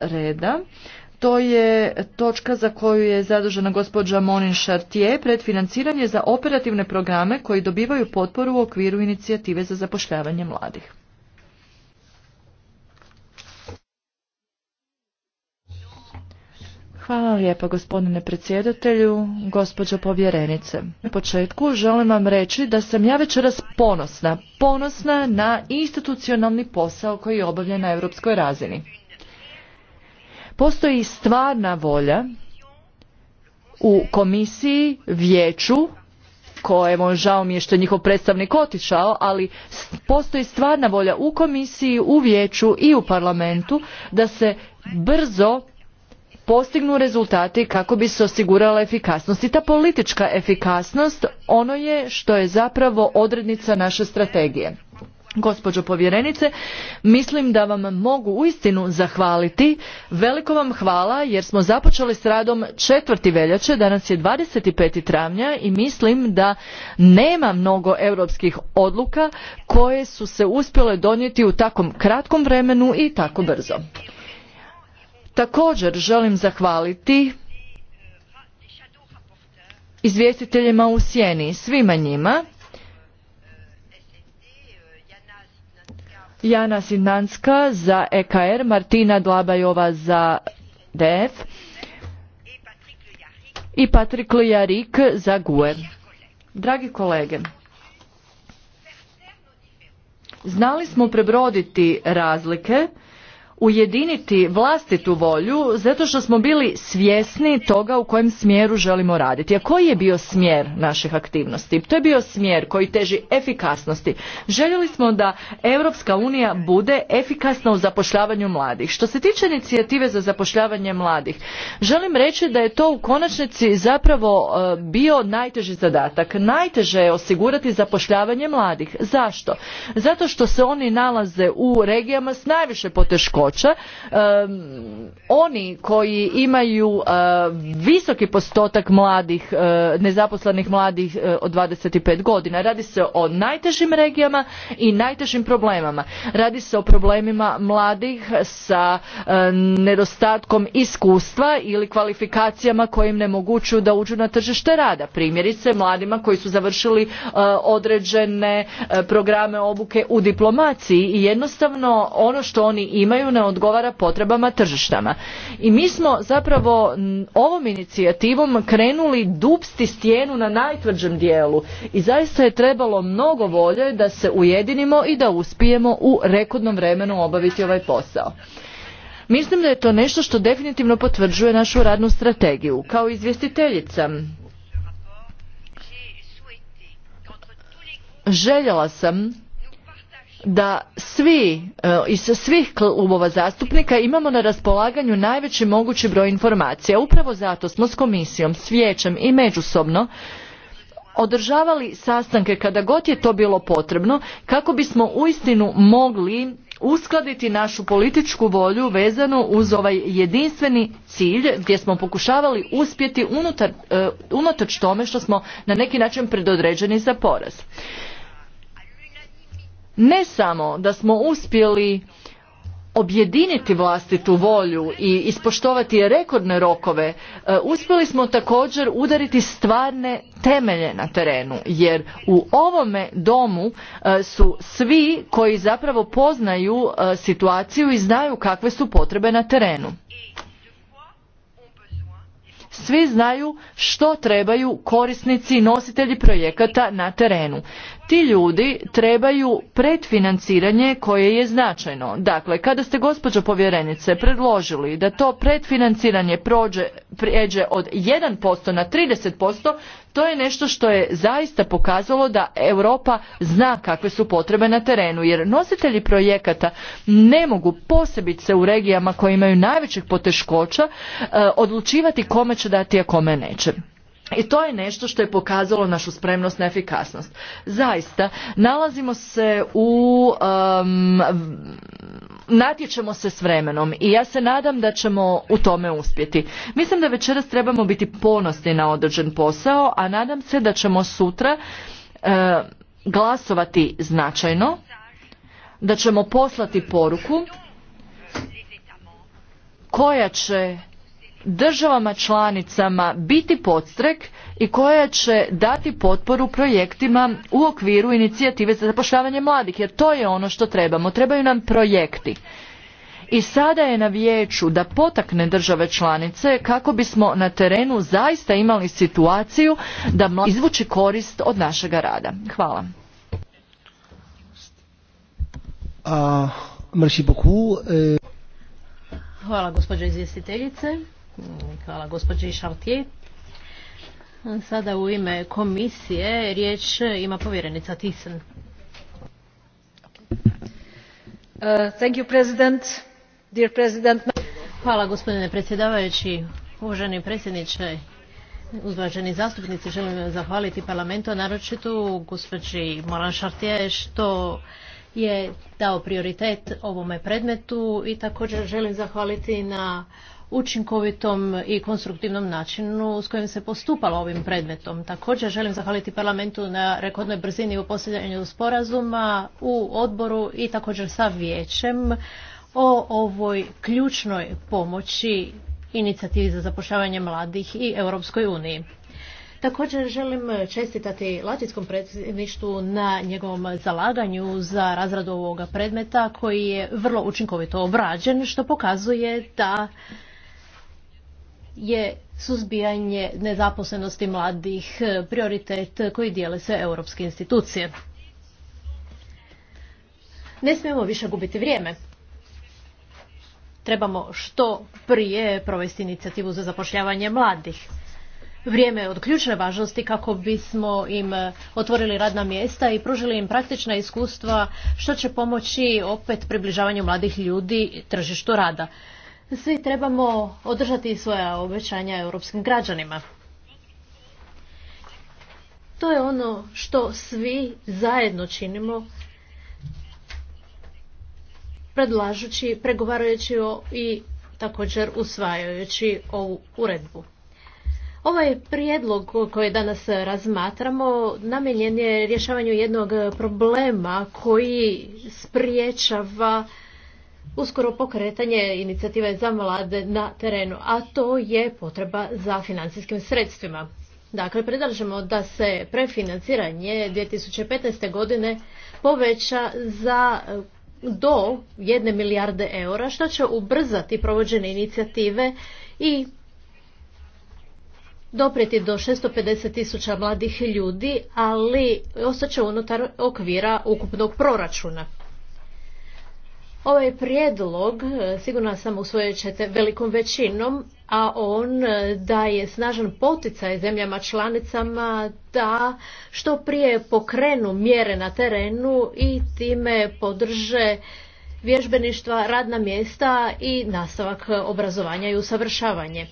reda. To je točka za koju je zadužena gospođa Monin Chartier predfinanciranje za operativne programe koji dobivaju potporu u okviru inicijative za zapošljavanje mladih. Hvala lijepa gospodine predsjedatelju, gospođo povjerenice. Na početku želim vam reći da sam ja večeras ponosna, ponosna na institucionalni posao koji je obavljen na europskoj razini. Postoji stvarna volja u komisiji, vijeću, kojemu žao mi je što je njihov predstavnik otišao, ali postoji stvarna volja u komisiji, u vijeću i u parlamentu da se brzo postignu rezultati kako bi se osigurala efikasnost. I ta politička efikasnost ono je što je zapravo odrednica naše strategije. Gospođo povjerenice, mislim da vam mogu uistinu zahvaliti. Veliko vam hvala jer smo započeli s radom četvrti veljače, danas je 25. travnja i mislim da nema mnogo europskih odluka koje su se uspjele donijeti u takom kratkom vremenu i tako brzo. Također želim zahvaliti izvjestiteljima u sjeni, svima njima Jana Sinanska za EKR, Martina Dlabajova za DF i Patrik Lujarik za GUE. Dragi kolege, znali smo prebroditi razlike ujediniti vlastitu volju zato što smo bili svjesni toga u kojem smjeru želimo raditi. A koji je bio smjer naših aktivnosti? To je bio smjer koji teži efikasnosti. Željeli smo da Europska unija bude efikasna u zapošljavanju mladih. Što se tiče inicijative za zapošljavanje mladih, želim reći da je to u konačnici zapravo e, bio najteži zadatak. Najteže je osigurati zapošljavanje mladih. Zašto? Zato što se oni nalaze u regijama s najviše poteškoća oni koji imaju eh, visoki postotak mladih eh, nezaposlenih mladih eh, od 25 godina radi se o najtežim regijama i najtežim problemama radi se o problemima mladih sa nedostatkom iskustva ili kvalifikacijama kojim ne mogućuju da uđu na tržište rada primjerice mladima koji su završili određene programe obuke u diplomaciji i jednostavno ono što oni imaju odgovara potrebama tržištama. I mi smo zapravo ovom inicijativom krenuli dupsti stijenu na najtvrđem dijelu i zaista je trebalo mnogo volje da se ujedinimo i da uspijemo u rekordnom vremenu obaviti ovaj posao. Mislim da je to nešto što definitivno potvrđuje našu radnu strategiju. Kao izvjestiteljica željela sam da svi e, iz svih klubova zastupnika imamo na raspolaganju najveći mogući broj informacija. Upravo zato smo s komisijom, s vijećem i međusobno održavali sastanke kada god je to bilo potrebno kako bismo uistinu mogli uskladiti našu političku volju vezanu uz ovaj jedinstveni cilj gdje smo pokušavali uspjeti unutar, e, unatoč tome što smo na neki način predodređeni za poraz ne samo da smo uspjeli objediniti vlastitu volju i ispoštovati rekordne rokove, e, uspjeli smo također udariti stvarne temelje na terenu, jer u ovome domu e, su svi koji zapravo poznaju e, situaciju i znaju kakve su potrebe na terenu. Svi znaju što trebaju korisnici i nositelji projekata na terenu ti ljudi trebaju pretfinanciranje koje je značajno. Dakle, kada ste gospođo povjerenice predložili da to pretfinanciranje prođe, prijeđe od 1% na 30%, to je nešto što je zaista pokazalo da Europa zna kakve su potrebe na terenu, jer nositelji projekata ne mogu se u regijama koje imaju najvećih poteškoća e, odlučivati kome će dati, a kome neće i to je nešto što je pokazalo našu spremnost na efikasnost. Zaista, nalazimo se u... natječemo se s vremenom i ja se nadam da ćemo u tome uspjeti. Mislim da večeras trebamo biti ponosni na određen posao, a nadam se da ćemo sutra e, glasovati značajno, da ćemo poslati poruku koja će državama članicama biti podstrek i koja će dati potporu projektima u okviru inicijative za zapošljavanje mladih jer to je ono što trebamo. Trebaju nam projekti. I sada je na vijeću da potakne države članice kako bismo na terenu zaista imali situaciju da mladih izvuči korist od našega rada. Hvala. Eh. Hvala gospođo izvjestiteljice. Hvala gospođi Šaltije. Sada u ime komisije riječ ima povjerenica Thyssen. Uh, thank you, President. Hvala gospodine predsjedavajući, uvaženi predsjedniče, uvaženi zastupnici. Želim zahvaliti parlamentu, naročito gospođi Moran Šartije što je dao prioritet ovome predmetu i također želim zahvaliti na učinkovitom i konstruktivnom načinu s kojim se postupalo ovim predmetom. Također želim zahvaliti parlamentu na rekordnoj brzini u posljedanju sporazuma u odboru i također sa vijećem o ovoj ključnoj pomoći inicijativi za zapošljavanje mladih i Europskoj uniji. Također želim čestitati Latinskom predsjedništvu na njegovom zalaganju za razradu ovoga predmeta koji je vrlo učinkovito obrađen što pokazuje da je suzbijanje nezaposlenosti mladih e, prioritet koji dijele sve europske institucije. Ne smijemo više gubiti vrijeme. Trebamo što prije provesti inicijativu za zapošljavanje mladih. Vrijeme je od ključne važnosti kako bismo im otvorili radna mjesta i pružili im praktična iskustva što će pomoći opet približavanju mladih ljudi tržištu rada svi trebamo održati svoja obećanja europskim građanima. To je ono što svi zajedno činimo predlažući, pregovarajući o i također usvajajući ovu uredbu. Ovaj prijedlog koji danas razmatramo namijenjen je rješavanju jednog problema koji spriječava uskoro pokretanje inicijative za mlade na terenu, a to je potreba za financijskim sredstvima. Dakle, predlažemo da se prefinanciranje 2015. godine poveća za e, do jedne milijarde eura, što će ubrzati provođene inicijative i doprijeti do 650 tisuća mladih ljudi, ali ostaće unutar okvira ukupnog proračuna. Ovaj prijedlog, e, sigurno sam, usvojit ćete velikom većinom, a on e, daje snažan poticaj zemljama članicama da što prije pokrenu mjere na terenu i time podrže vježbeništva, radna mjesta i nastavak obrazovanja i usavršavanje.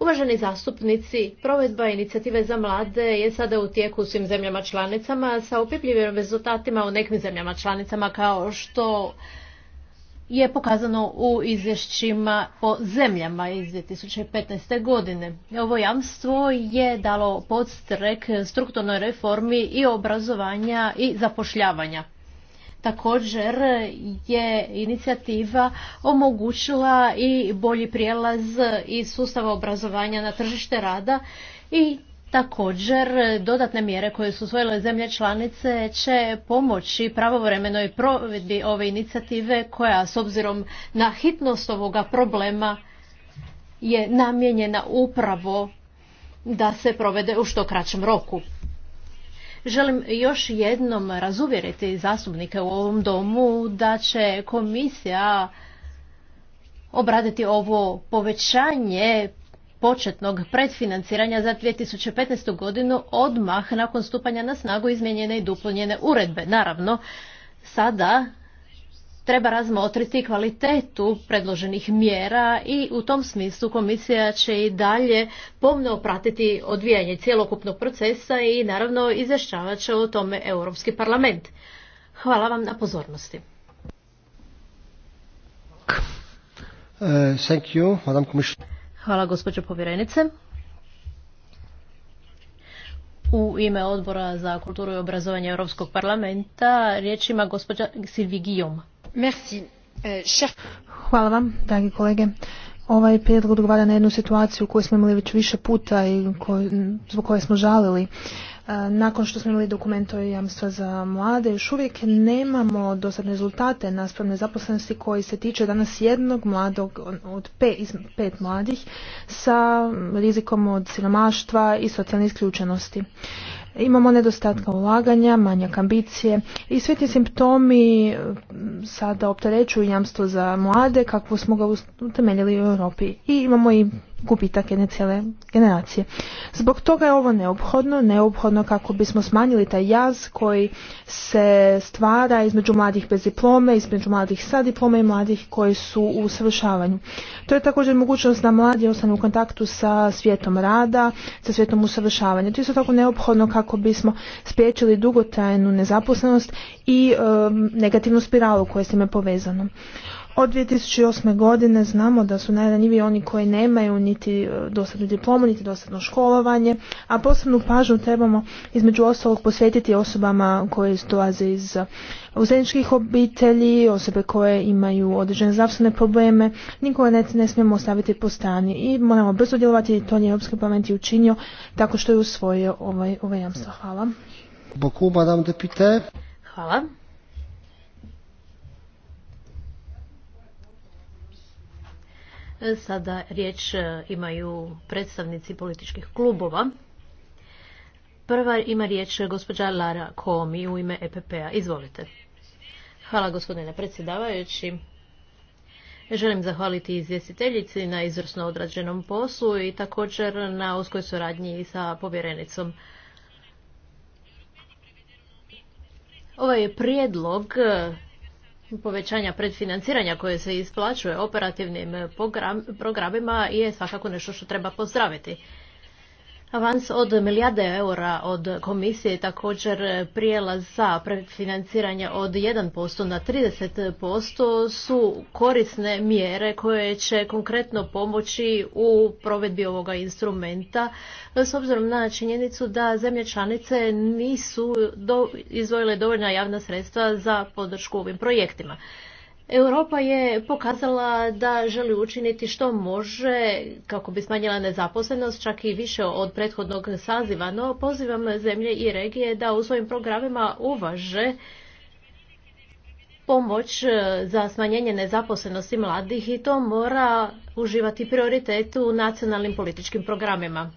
Uvaženi zastupnici, provedba inicijative za mlade je sada u tijeku u svim zemljama članicama sa upipljivim rezultatima u nekim zemljama članicama kao što je pokazano u izvješćima po zemljama iz 2015. godine. Ovo jamstvo je dalo podstrek strukturnoj reformi i obrazovanja i zapošljavanja. Također je inicijativa omogućila i bolji prijelaz iz sustava obrazovanja na tržište rada i Također, dodatne mjere koje su usvojile zemlje članice će pomoći pravovremenoj provedbi ove inicijative koja s obzirom na hitnost ovoga problema je namjenjena upravo da se provede u što kraćem roku. Želim još jednom razuvjeriti zastupnike u ovom domu da će komisija obraditi ovo povećanje početnog predfinanciranja za 2015. godinu odmah nakon stupanja na snagu izmijenjene i dopunjene uredbe. Naravno, sada treba razmotriti kvalitetu predloženih mjera i u tom smislu komisija će i dalje pomno pratiti odvijanje cjelokupnog procesa i naravno izvješćavat će o tome Europski parlament. Hvala vam na pozornosti. Uh, thank you, Hvala gospođo povjerenice. U ime odbora za kulturu i obrazovanje Europskog parlamenta riječ ima gospođa Silvi Guillaume. Euh, Hvala vam, dragi kolege. Ovaj prijedlog odgovara na jednu situaciju koju smo imali već više puta i zbog koje smo žalili. E, nakon što smo imali dokument o jamstva za mlade, još uvijek nemamo dosadne rezultate naspram nezaposlenosti koji se tiče danas jednog mladog od pet, pet mladih sa rizikom od siromaštva i socijalne isključenosti. Imamo nedostatka ulaganja, manjak ambicije i svi ti simptomi eh, sada opterećuju jamstvo za mlade kako smo ga utemeljili u Europi. I imamo i gubitak jedne cijele generacije. Zbog toga je ovo neophodno, neophodno kako bismo smanjili taj jaz koji se stvara između mladih bez diplome, između mladih sa diplome i mladih koji su u usavršavanju. To je također mogućnost da mladi ostanu u kontaktu sa svijetom rada, sa svijetom usavršavanja. To je isto tako neophodno kako bismo spriječili dugotrajnu nezaposlenost i um, negativnu spiralu koja je s time povezana. Od 2008. godine znamo da su najranjiviji oni koji nemaju niti e, dosadnu diplomu, niti dosadno školovanje, a posebnu pažnju trebamo između ostalog posvetiti osobama koje dolaze iz e, uzredničkih obitelji, osobe koje imaju određene zdravstvene probleme, nikoga ne, ne smijemo ostaviti po strani i moramo brzo djelovati i to je Europski parlament i učinio tako što je usvojio ovaj, ovaj jamstvo. Hvala. Hvala. Sada riječ e, imaju predstavnici političkih klubova. Prva ima riječ gospođa Lara Komi u ime EPP-a. Izvolite. Hvala gospodine predsjedavajući. Želim zahvaliti izvjestiteljici na izvrsno odrađenom poslu i također na uskoj suradnji sa povjerenicom. Ovaj prijedlog povećanja predfinanciranja koje se isplaćuje operativnim programima je svakako nešto što treba pozdraviti. Avans od milijarde eura od komisije također prijelaz za financiranje od 1% na 30% su korisne mjere koje će konkretno pomoći u provedbi ovoga instrumenta s obzirom na činjenicu da zemlje članice nisu izvojile dovoljna javna sredstva za podršku ovim projektima. Europa je pokazala da želi učiniti što može kako bi smanjila nezaposlenost, čak i više od prethodnog saziva, no pozivam zemlje i regije da u svojim programima uvaže pomoć za smanjenje nezaposlenosti mladih i to mora uživati prioritet u nacionalnim političkim programima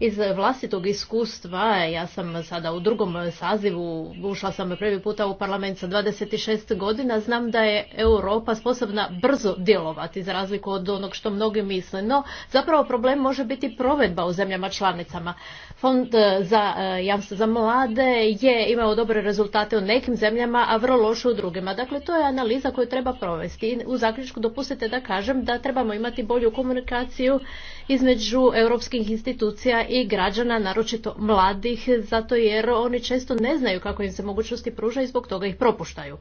iz vlastitog iskustva, ja sam sada u drugom sazivu, ušla sam prvi puta u parlament sa 26 godina, znam da je Europa sposobna brzo djelovati, za razliku od onog što mnogi misle. No, zapravo problem može biti provedba u zemljama članicama. Fond e, za e, jamstvo za mlade je imao dobre rezultate u nekim zemljama, a vrlo loše u drugima. Dakle, to je analiza koju treba provesti. U zaključku dopustite da kažem da trebamo imati bolju komunikaciju između europskih institucija i građana, naročito mladih, zato jer oni često ne znaju kako im se mogućnosti pruža i zbog toga ih propuštaju.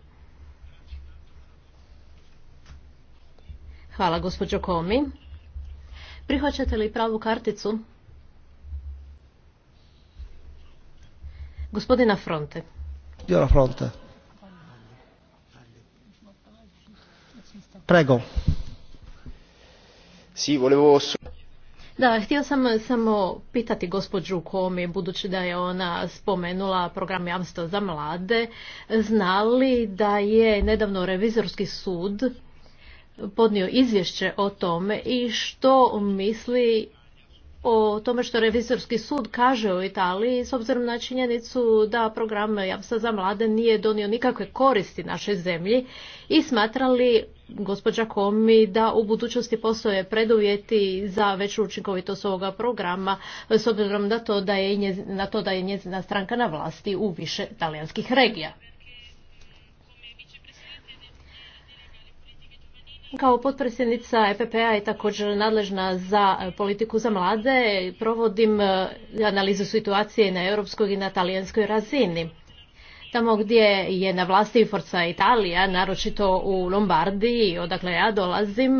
Hvala gospođo Komi. Prihvaćate li pravu karticu? Gospodina Fronte. Gospodina Fronte. Prego. Sì, volevo da, htio sam samo pitati gospođu Komi, budući da je ona spomenula program jamstva za mlade, znali da je nedavno revizorski sud podnio izvješće o tome i što misli o tome što revizorski sud kaže u Italiji s obzirom na činjenicu da program jamstva za mlade nije donio nikakve koristi našoj zemlji i smatrali gospođa Komi da u budućnosti postoje preduvjeti za veću učinkovitost ovoga programa s obzirom na to da je, na to da je njezina stranka na vlasti u više talijanskih regija. Kao potpredsjednica EPP-a i također nadležna za politiku za mlade provodim e, analizu situacije na europskoj i na talijanskoj razini. Tamo gdje je na vlasti forca Italija, naročito u Lombardiji, odakle ja dolazim,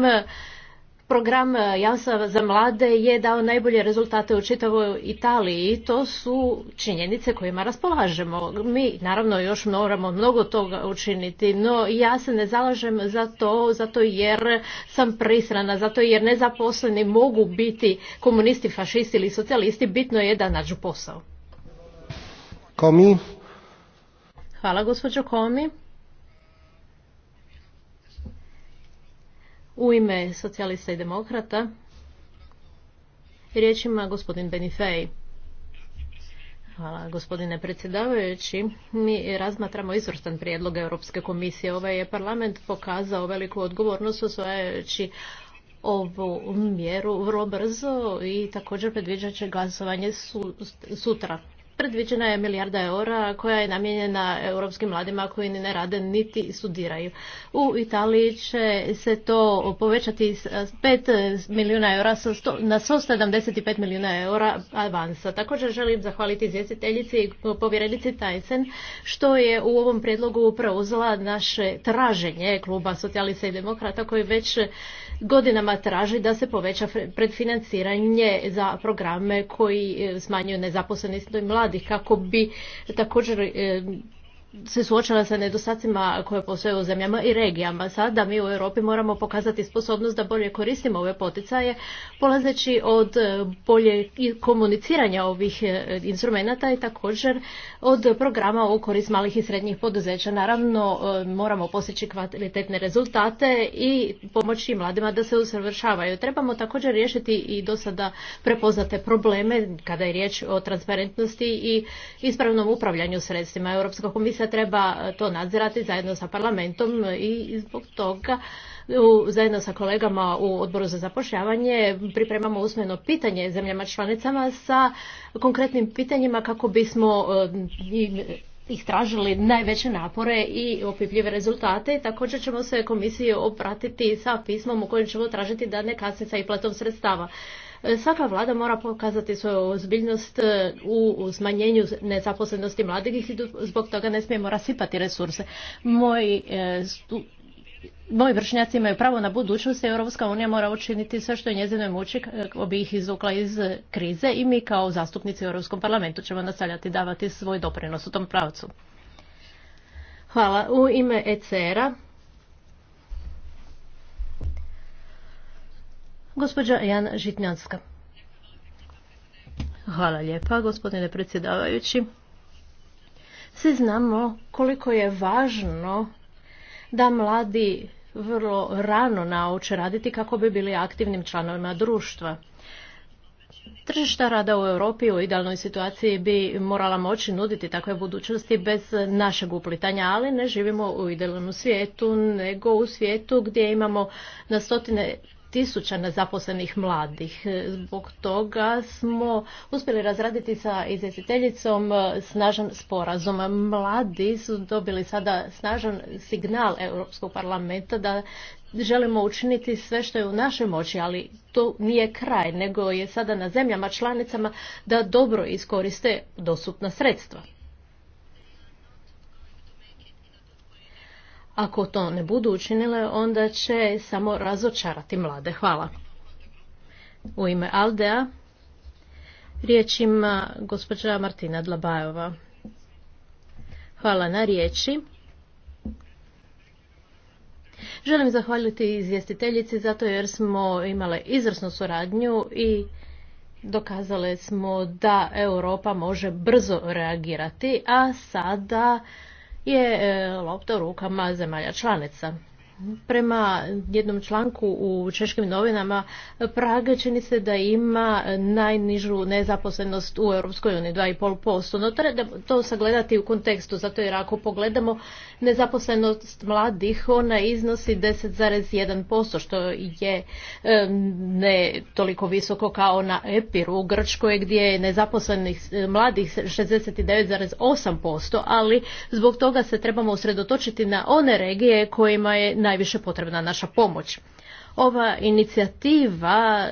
program Jamstva za mlade je dao najbolje rezultate u čitavoj Italiji i to su činjenice kojima raspolažemo. Mi naravno još moramo mnogo toga učiniti, no ja se ne zalažem za to zato jer sam prisrana, zato jer nezaposleni mogu biti komunisti, fašisti ili socijalisti, bitno je da nađu posao. Komi? Hvala, gospođo Komi. U ime socijalista i demokrata riječ ima gospodin Benifej. Hvala gospodine predsjedavajući. Mi razmatramo izvrstan prijedlog Europske komisije. Ovaj je parlament pokazao veliku odgovornost osvajajući ovu mjeru vrlo brzo i također predviđat će glasovanje sutra predviđena je milijarda eura koja je namijenjena europskim mladima koji ne rade niti studiraju. U Italiji će se to povećati s 5 milijuna eura na 175 milijuna eura avansa. Također želim zahvaliti izvjestiteljici i povjerenici Tajcen što je u ovom prijedlogu preuzela naše traženje kluba socijalista i demokrata koji već godinama traži da se poveća predfinanciranje za programe koji e, smanjuju nezaposlenost mladih kako bi također e, se suočila sa nedostacima koje postoje u zemljama i regijama. Sada mi u Europi moramo pokazati sposobnost da bolje koristimo ove poticaje, polazeći od e, bolje komuniciranja ovih e, instrumenata i također od programa u korist malih i srednjih poduzeća. Naravno, e, moramo postići kvalitetne rezultate i pomoći mladima da se usavršavaju. Trebamo također riješiti i do sada prepoznate probleme kada je riječ o transparentnosti i ispravnom upravljanju sredstvima. Europska komisija treba to nadzirati zajedno sa parlamentom i zbog toga zajedno sa kolegama u odboru za zapošljavanje pripremamo usmeno pitanje zemljama članicama sa konkretnim pitanjima kako bismo e, istražili najveće napore i opipljive rezultate. Također ćemo se komisiji opratiti sa pismom u kojem ćemo tražiti da ne kasni i platom sredstava. Svaka vlada mora pokazati svoju ozbiljnost e, u smanjenju nezaposlenosti mladih i zbog toga ne smijemo rasipati resurse. Moji e, Moji vršnjaci imaju pravo na budućnost i Europska unija mora učiniti sve što je njezinoj moći kako bi ih izvukla iz krize i mi kao zastupnici u Europskom parlamentu ćemo nastavljati davati svoj doprinos u tom pravcu. Hvala. U ime ECR-a Gospođa Jan Žitnjanska. Hvala lijepa, gospodine predsjedavajući. Svi znamo koliko je važno da mladi vrlo rano nauče raditi kako bi bili aktivnim članovima društva. Tržišta rada u Europi u idealnoj situaciji bi morala moći nuditi takve budućnosti bez našeg uplitanja, ali ne živimo u idealnom svijetu, nego u svijetu gdje imamo na stotine tisuća nezaposlenih mladih. E, zbog toga smo uspjeli razraditi sa izvjestiteljicom e, snažan sporazum. Mladi su dobili sada snažan signal Europskog parlamenta da želimo učiniti sve što je u našoj moći, ali to nije kraj, nego je sada na zemljama članicama da dobro iskoriste dostupna sredstva. Ako to ne budu učinile, onda će samo razočarati mlade. Hvala. U ime Aldea riječ ima gospođa Martina Dlabajova. Hvala na riječi. Želim zahvaliti izvjestiteljici zato jer smo imale izvrsnu suradnju i dokazale smo da Europa može brzo reagirati, a sada je e, lopta u rukama zemalja članica. Prema jednom članku u češkim novinama Praga čini se da ima najnižu nezaposlenost u Europskoj uniji, 2,5%. No treba to sagledati u kontekstu, zato jer ako pogledamo nezaposlenost mladih, ona iznosi 10,1%, što je ne toliko visoko kao na Epiru u Grčkoj, gdje je nezaposlenih e, mladih 69,8%, ali zbog toga se trebamo usredotočiti na one regije kojima je najviše potrebna naša pomoć. Ova inicijativa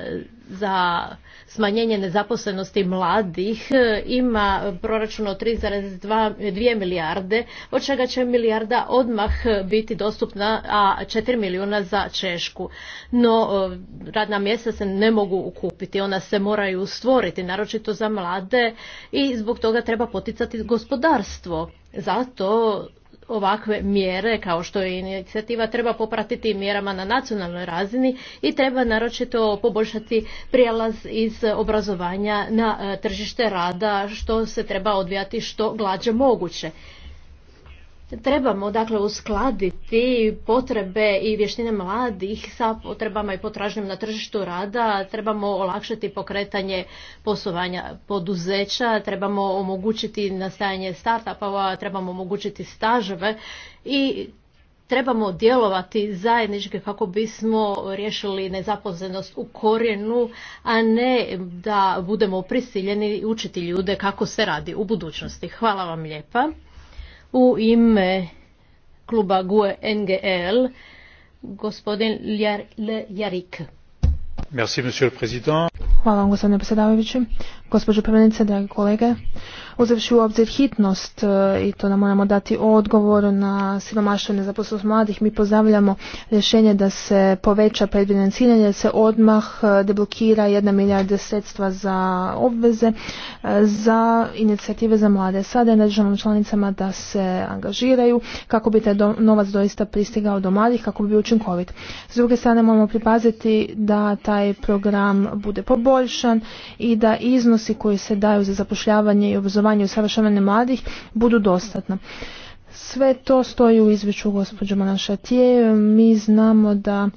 za smanjenje nezaposlenosti mladih e, ima proračun od 3,2 milijarde, od čega će milijarda odmah biti dostupna, a 4 milijuna za Češku. No, e, radna mjesta se ne mogu ukupiti, ona se moraju stvoriti, naročito za mlade i zbog toga treba poticati gospodarstvo. Zato ovakve mjere kao što je inicijativa treba popratiti mjerama na nacionalnoj razini i treba naročito poboljšati prijelaz iz obrazovanja na e, tržište rada što se treba odvijati što glađe moguće. Trebamo dakle uskladiti potrebe i vještine mladih sa potrebama i potražnjom na tržištu rada, trebamo olakšati pokretanje poslovanja poduzeća, trebamo omogućiti nastajanje startupova, trebamo omogućiti staževe i trebamo djelovati zajednički kako bismo riješili nezaposlenost u korijenu, a ne da budemo prisiljeni učiti ljude kako se radi u budućnosti. Hvala vam lijepa. U ime kluba GUE NGL, gospodin Ljar, Ljarik. Merci, monsieur le président. Hvala vam, gospodine predsjedavajući. Gospođo Prvenice, dragi kolege, uzevši u obzir hitnost e, i to da moramo dati odgovor na siromaštvo nezaposlenost mladih, mi pozdravljamo rješenje da se poveća predfinanciranje, da se odmah e, deblokira jedna milijarda sredstva za obveze, e, za inicijative za mlade. Sada je na članicama da se angažiraju kako bi taj novac doista pristigao do mladih, kako bi bio učinkovit. S druge strane moramo pripaziti da taj program bude poboljšan i da iznos iznosi koji se daju za zapošljavanje i obrazovanje i usavršavanje mladih budu dostatna. Sve to stoji u izvješću gospođo Manašatije. Mi znamo da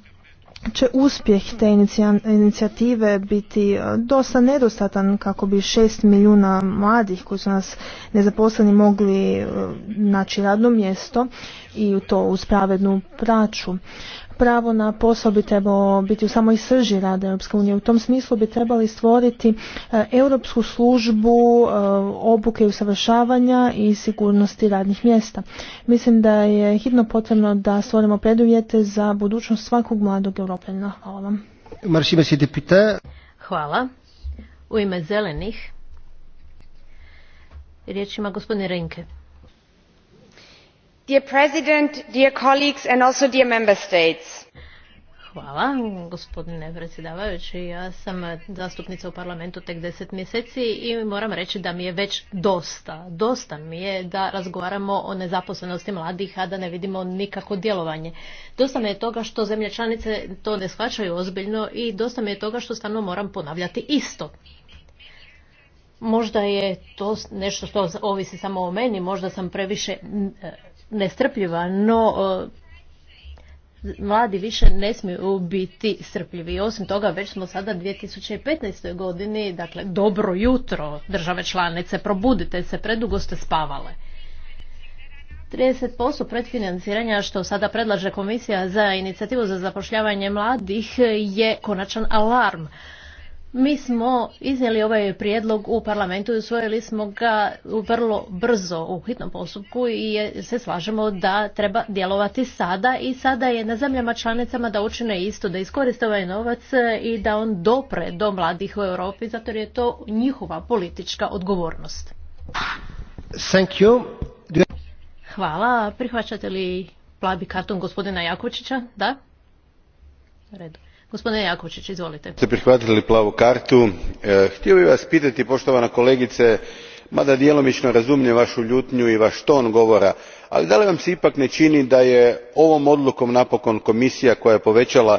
će uspjeh te inicijative biti e, dosta nedostatan kako bi šest milijuna mladih koji su nas nezaposleni mogli e, naći radno mjesto i to uz pravednu praću pravo na posao bi trebalo biti u samoj srži rada Europske unije. U tom smislu bi trebali stvoriti eh, europsku službu eh, obuke i usavršavanja i sigurnosti radnih mjesta. Mislim da je hitno potrebno da stvorimo preduvjete za budućnost svakog mladog europljanina. Hvala vam. Hvala. U ime zelenih riječ ima Renke. Dear President, dear colleagues and also dear member Hvala, gospodine predsjedavajući. Ja sam zastupnica u parlamentu tek deset mjeseci i moram reći da mi je već dosta. Dosta mi je da razgovaramo o nezaposlenosti mladih, a da ne vidimo nikako djelovanje. Dosta mi je toga što zemlje članice to ne shvaćaju ozbiljno i dosta mi je toga što stalno moram ponavljati isto. Možda je to nešto što ovisi samo o meni, možda sam previše e, nestrpljiva, no e, mladi više ne smiju biti strpljivi. Osim toga, već smo sada 2015. godini, dakle, dobro jutro, države članice, probudite se, predugo ste spavale. 30% predfinanciranja što sada predlaže Komisija za inicijativu za zapošljavanje mladih je konačan alarm. Mi smo iznijeli ovaj prijedlog u parlamentu i usvojili smo ga vrlo brzo u hitnom postupku i se slažemo da treba djelovati sada i sada je na zemljama članicama da učine isto, da iskoriste ovaj novac e, i da on dopre do mladih u Europi zato jer je to njihova politička odgovornost. Thank you. Hvala. Prihvaćate li plavi karton gospodina Jakovčića? Da? Redu. Gospodine Jakovčić, izvolite. Ste prihvatili plavu kartu. E, htio bih vas pitati, poštovana kolegice, mada djelomično razumijem vašu ljutnju i vaš ton govora, ali da li vam se ipak ne čini da je ovom odlukom napokon komisija koja je povećala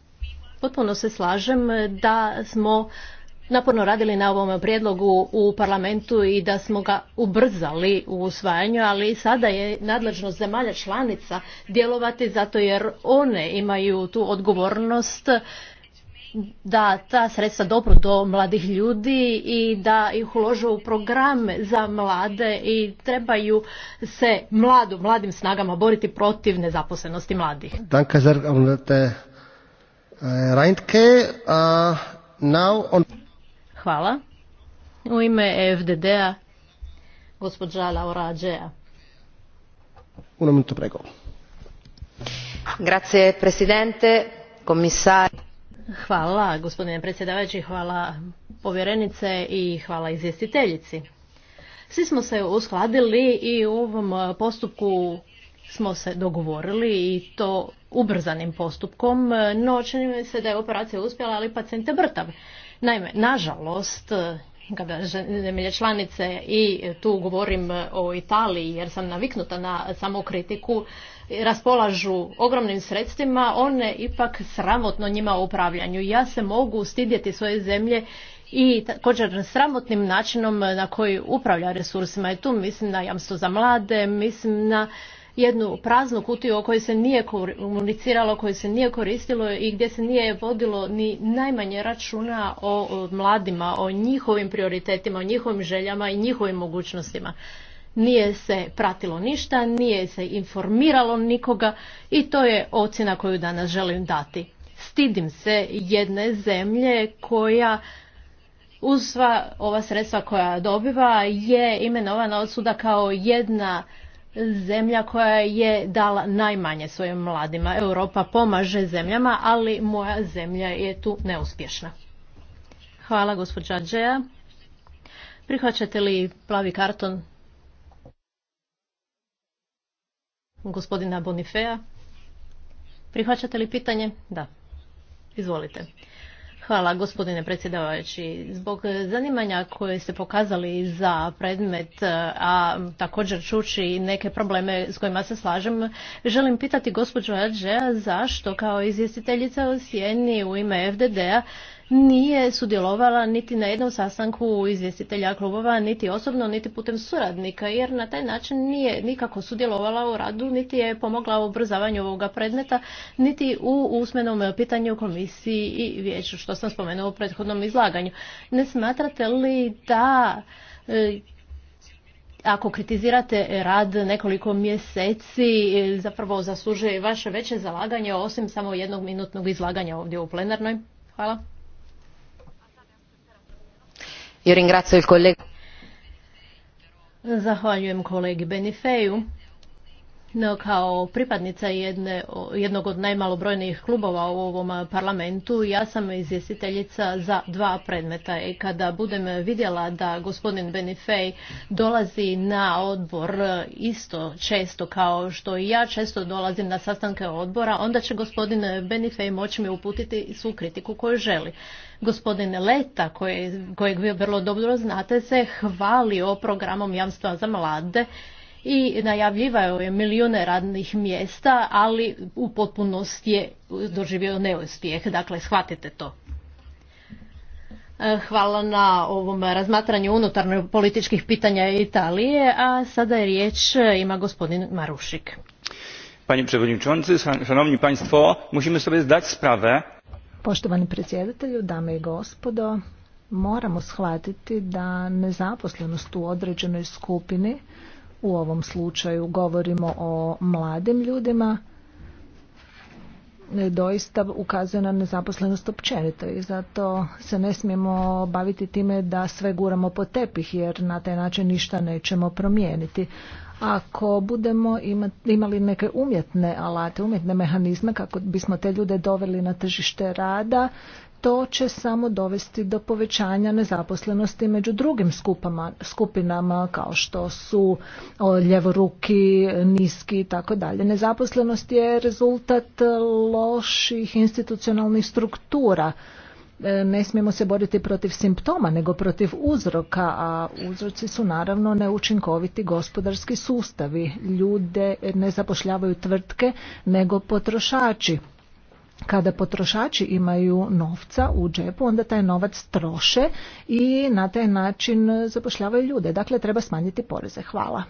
potpuno se slažem da smo naporno radili na ovom prijedlogu u parlamentu i da smo ga ubrzali u usvajanju, ali sada je nadležnost zemalja članica djelovati zato jer one imaju tu odgovornost da ta sredstva dobro do mladih ljudi i da ih ulože u programe za mlade i trebaju se mladu, mladim snagama boriti protiv nezaposlenosti mladih. Eh, Reintke, eh, on... Hvala. U ime FDD-a, gospođa Laura Đeja. Un prego. Grazie, presidente, komisar. Hvala, gospodine predsjedavajući, hvala povjerenice i hvala izvjestiteljici. Svi smo se uskladili i u ovom postupku smo se dogovorili i to ubrzanim postupkom, e, no čini mi se da je operacija uspjela, ali pacijent je Naime, nažalost, e, kada zemlje članice i tu govorim o Italiji jer sam naviknuta na samokritiku, raspolažu ogromnim sredstvima, one ipak sramotno njima upravljanju. Ja se mogu stidjeti svoje zemlje i također sramotnim načinom na koji upravlja resursima. I tu mislim na jamstvo za mlade, mislim na jednu praznu kutiju o kojoj se nije komuniciralo, o kojoj se nije koristilo i gdje se nije vodilo ni najmanje računa o, mladima, o njihovim prioritetima, o njihovim željama i njihovim mogućnostima. Nije se pratilo ništa, nije se informiralo nikoga i to je ocjena koju danas želim dati. Stidim se jedne zemlje koja uz sva ova sredstva koja dobiva je imenovana od suda kao jedna zemlja koja je dala najmanje svojim mladima. Europa pomaže zemljama, ali moja zemlja je tu neuspješna. Hvala gospođa Džeja. Prihvaćate li plavi karton gospodina Bonifea? Prihvaćate li pitanje? Da. Izvolite. Hvala gospodine predsjedavajući. Zbog zanimanja koje ste pokazali za predmet, a također čući neke probleme s kojima se slažem, želim pitati gospođu Adžeja zašto kao izvjestiteljica u sjeni u ime FDD-a nije sudjelovala niti na jednom sastanku izvjestitelja klubova, niti osobno, niti putem suradnika, jer na taj način nije nikako sudjelovala u radu, niti je pomogla u obrzavanju ovoga predmeta, niti u usmenom pitanju komisiji i vijeću, što sam spomenula u prethodnom izlaganju. Ne smatrate li da e, ako kritizirate rad nekoliko mjeseci, e, zapravo zaslužuje vaše veće zalaganje, osim samo jednog minutnog izlaganja ovdje u plenarnoj. Hvala. Io ringrazio il collega. Zahvaljujem kolegi benifeu no, kao pripadnica jedne, jednog od najmalobrojnijih klubova u ovom parlamentu, ja sam izvjestiteljica za dva predmeta i e, kada budem vidjela da gospodin Benifej dolazi na odbor e, isto često kao što i ja često dolazim na sastanke odbora, onda će gospodin Benifej moći mi uputiti svu kritiku koju želi. Gospodin Leta, kojeg vi vrlo dobro znate, se hvali o programom jamstva za mlade i najavljivao je milijune radnih mjesta, ali u potpunosti je doživio neuspjeh. Dakle, shvatite to. E, hvala na ovom razmatranju unutarnjih političkih pitanja Italije, a sada je riječ ima gospodin Marušik. Panie przewodniczący, szanowni państwo, musimy sobie zdać sprawę. Poštovani predsjedatelju, dame i gospodo, moramo shvatiti da nezaposlenost u određenoj skupini u ovom slučaju govorimo o mladim ljudima doista ukazuje na nezaposlenost općenito i zato se ne smijemo baviti time da sve guramo po tepih jer na taj način ništa nećemo promijeniti. Ako budemo imali neke umjetne alate, umjetne mehanizme kako bismo te ljude doveli na tržište rada, to će samo dovesti do povećanja nezaposlenosti među drugim skupama, skupinama kao što su ljevoruki, niski i tako dalje. Nezaposlenost je rezultat loših institucionalnih struktura. E, ne smijemo se boriti protiv simptoma, nego protiv uzroka, a uzroci su naravno neučinkoviti gospodarski sustavi. Ljude ne zapošljavaju tvrtke, nego potrošači kada potrošači imaju novca u džepu, onda taj novac troše i na taj način zapošljavaju ljude. Dakle, treba smanjiti poreze. Hvala.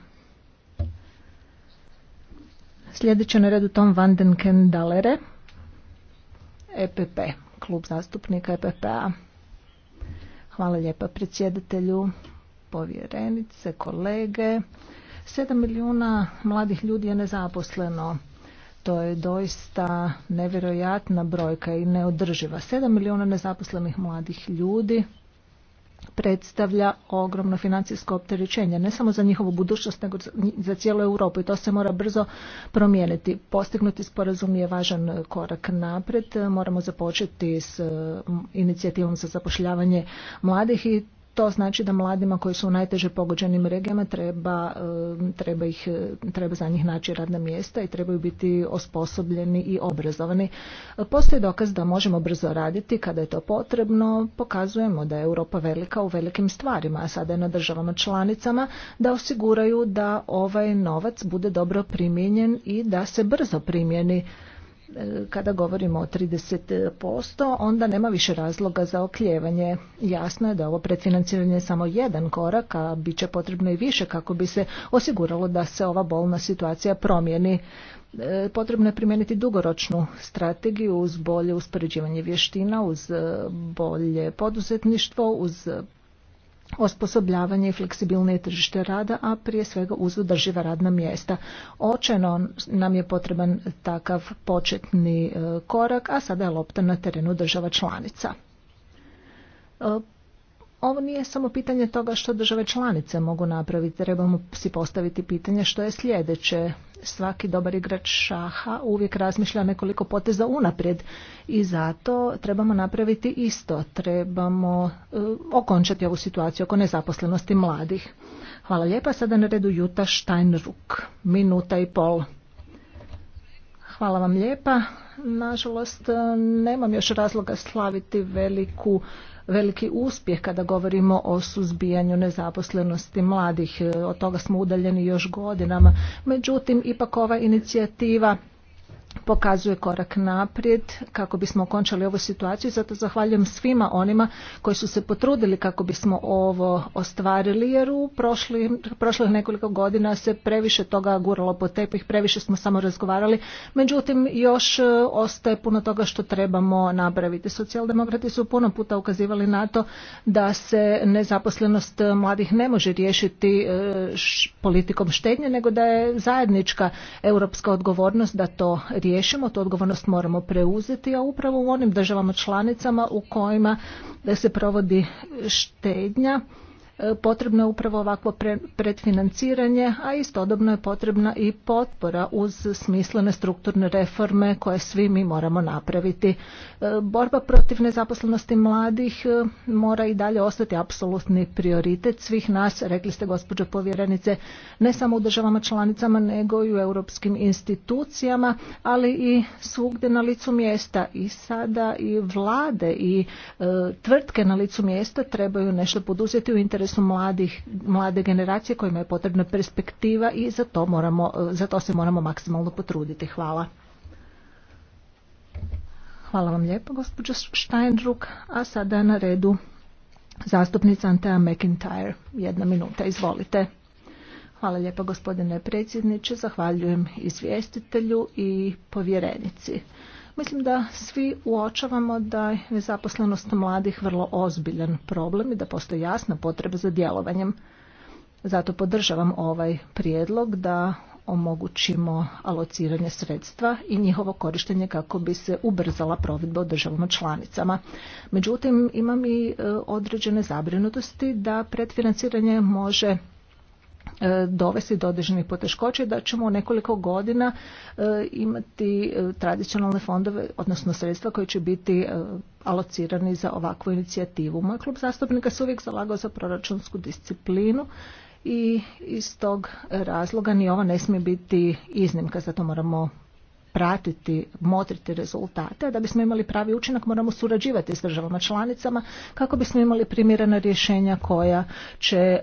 Sljedeće na redu Tom van den EPP, e klub zastupnika EPP-a. Hvala lijepa predsjedatelju, povjerenice, kolege. 7 milijuna mladih ljudi je nezaposleno. To je doista nevjerojatna brojka i neodrživa. 7 milijuna nezaposlenih mladih ljudi predstavlja ogromno financijsko opterećenje, ne samo za njihovu budućnost, nego za cijelu Europu i to se mora brzo promijeniti. Postignuti sporazum je važan korak naprijed. moramo započeti s inicijativom za zapošljavanje mladih i to znači da mladima koji su u najteže pogođenim regijama treba, treba, ih, treba za njih naći radna mjesta i trebaju biti osposobljeni i obrazovani. Postoji dokaz da možemo brzo raditi kada je to potrebno. Pokazujemo da je Europa velika u velikim stvarima, a sada je na državama članicama da osiguraju da ovaj novac bude dobro primijenjen i da se brzo primjeni kada govorimo o 30%, onda nema više razloga za okljevanje. Jasno je da ovo predfinanciranje samo jedan korak, a bit će potrebno i više kako bi se osiguralo da se ova bolna situacija promijeni. E, potrebno je primijeniti dugoročnu strategiju uz bolje uspoređivanje vještina, uz e, bolje poduzetništvo, uz osposobljavanje i fleksibilnije tržište rada, a prije svega uz održiva radna mjesta. Očeno nam je potreban takav početni e, korak, a sada je lopta na terenu država članica. E, ovo nije samo pitanje toga što države članice mogu napraviti, trebamo si postaviti pitanje što je sljedeće svaki dobar igrač šaha uvijek razmišlja nekoliko poteza unaprijed i zato trebamo napraviti isto, trebamo e, okončati ovu situaciju oko nezaposlenosti mladih. Hvala lijepa, sada na redu Juta Steinruk, minuta i pol. Hvala vam lijepa. Nažalost, e, nemam još razloga slaviti veliku veliki uspjeh kada govorimo o suzbijanju nezaposlenosti mladih. E, od toga smo udaljeni još godinama. Međutim, ipak ova inicijativa pokazuje korak naprijed kako bismo okončali ovu situaciju. Zato zahvaljujem svima onima koji su se potrudili kako bismo ovo ostvarili jer u prošlih, nekoliko godina se previše toga guralo po tepih, previše smo samo razgovarali. Međutim, još e, ostaje puno toga što trebamo napraviti. Socijaldemokrati su puno puta ukazivali na to da se nezaposlenost mladih ne može riješiti e, politikom štednje, nego da je zajednička europska odgovornost da to riješimo, tu odgovornost moramo preuzeti, a upravo u onim državama članicama u kojima da se provodi štednja potrebno je upravo ovakvo predfinanciranje, a istodobno je potrebna i potpora uz smislene strukturne reforme koje svi mi moramo napraviti. E, borba protiv nezaposlenosti mladih e, mora i dalje ostati apsolutni prioritet svih nas, rekli ste gospođo povjerenice, ne samo u državama članicama nego i u europskim institucijama, ali i svugdje na licu mjesta i sada i vlade i e, tvrtke na licu mjesta trebaju nešto poduzeti u interesu su mladih, mlade generacije kojima je potrebna perspektiva i za to, moramo, za se moramo maksimalno potruditi. Hvala. Hvala vam lijepo, gospođo Steinruck. A sada je na redu zastupnica Antea McIntyre. Jedna minuta, izvolite. Hvala lijepo, gospodine predsjedniče. Zahvaljujem izvjestitelju i povjerenici. Mislim da svi uočavamo da je nezaposlenost mladih vrlo ozbiljan problem i da postoji jasna potreba za djelovanjem. Zato podržavam ovaj prijedlog da omogućimo alociranje sredstva i njihovo korištenje kako bi se ubrzala provedba u državama članicama. Međutim, imam i e, određene zabrinutosti da predfinanciranje može E, dovesti do određenih poteškoća da ćemo u nekoliko godina e, imati e, tradicionalne fondove, odnosno sredstva koje će biti alocirani za ovakvu inicijativu. Moj klub zastupnika se uvijek zalagao za proračunsku disciplinu i iz tog razloga ni ovo ne smije biti iznimka, zato moramo pratiti, motriti rezultate, a da bismo imali pravi učinak moramo surađivati s državama članicama kako bismo imali primjerena rješenja koja će e,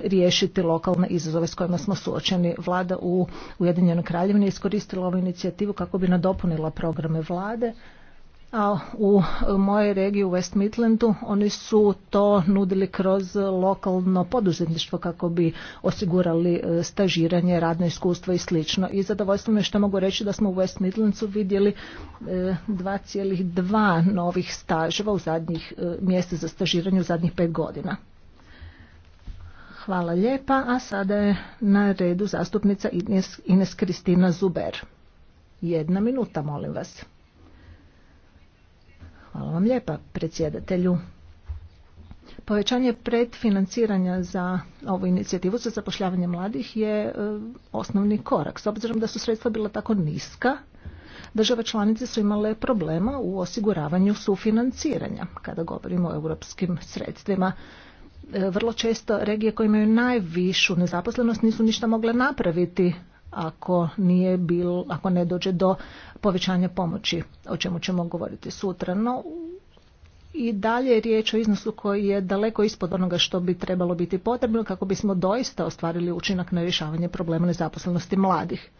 riješiti lokalne izazove s kojima smo suočeni. Vlada u Ujedinjenoj Kraljevini iskoristila ovu inicijativu kako bi nadopunila programe vlade a u e, mojoj regiji u West Midlandu oni su to nudili kroz lokalno poduzetništvo kako bi osigurali e, stažiranje, radno iskustvo i slično. I zadovoljstvo mi je što mogu reći da smo u West Midlandsu vidjeli 2,2 e, novih staževa u zadnjih mjesta za stažiranje u zadnjih pet godina. Hvala lijepa, a sada je na redu zastupnica Ines, Ines Kristina Zuber. Jedna minuta, molim vas. Hvala vam lijepa predsjedatelju. Povećanje predfinanciranja za ovu inicijativu za zapošljavanje mladih je e, osnovni korak. S obzirom da su sredstva bila tako niska, države članice su imale problema u osiguravanju sufinanciranja. Kada govorimo o europskim sredstvima, e, vrlo često regije koje imaju najvišu nezaposlenost nisu ništa mogle napraviti ako nije bilo, ako ne dođe do povećanja pomoći, o čemu ćemo govoriti sutra. No, i dalje je riječ o iznosu koji je daleko ispod onoga što bi trebalo biti potrebno kako bismo doista ostvarili učinak na rješavanje problema nezaposlenosti mladih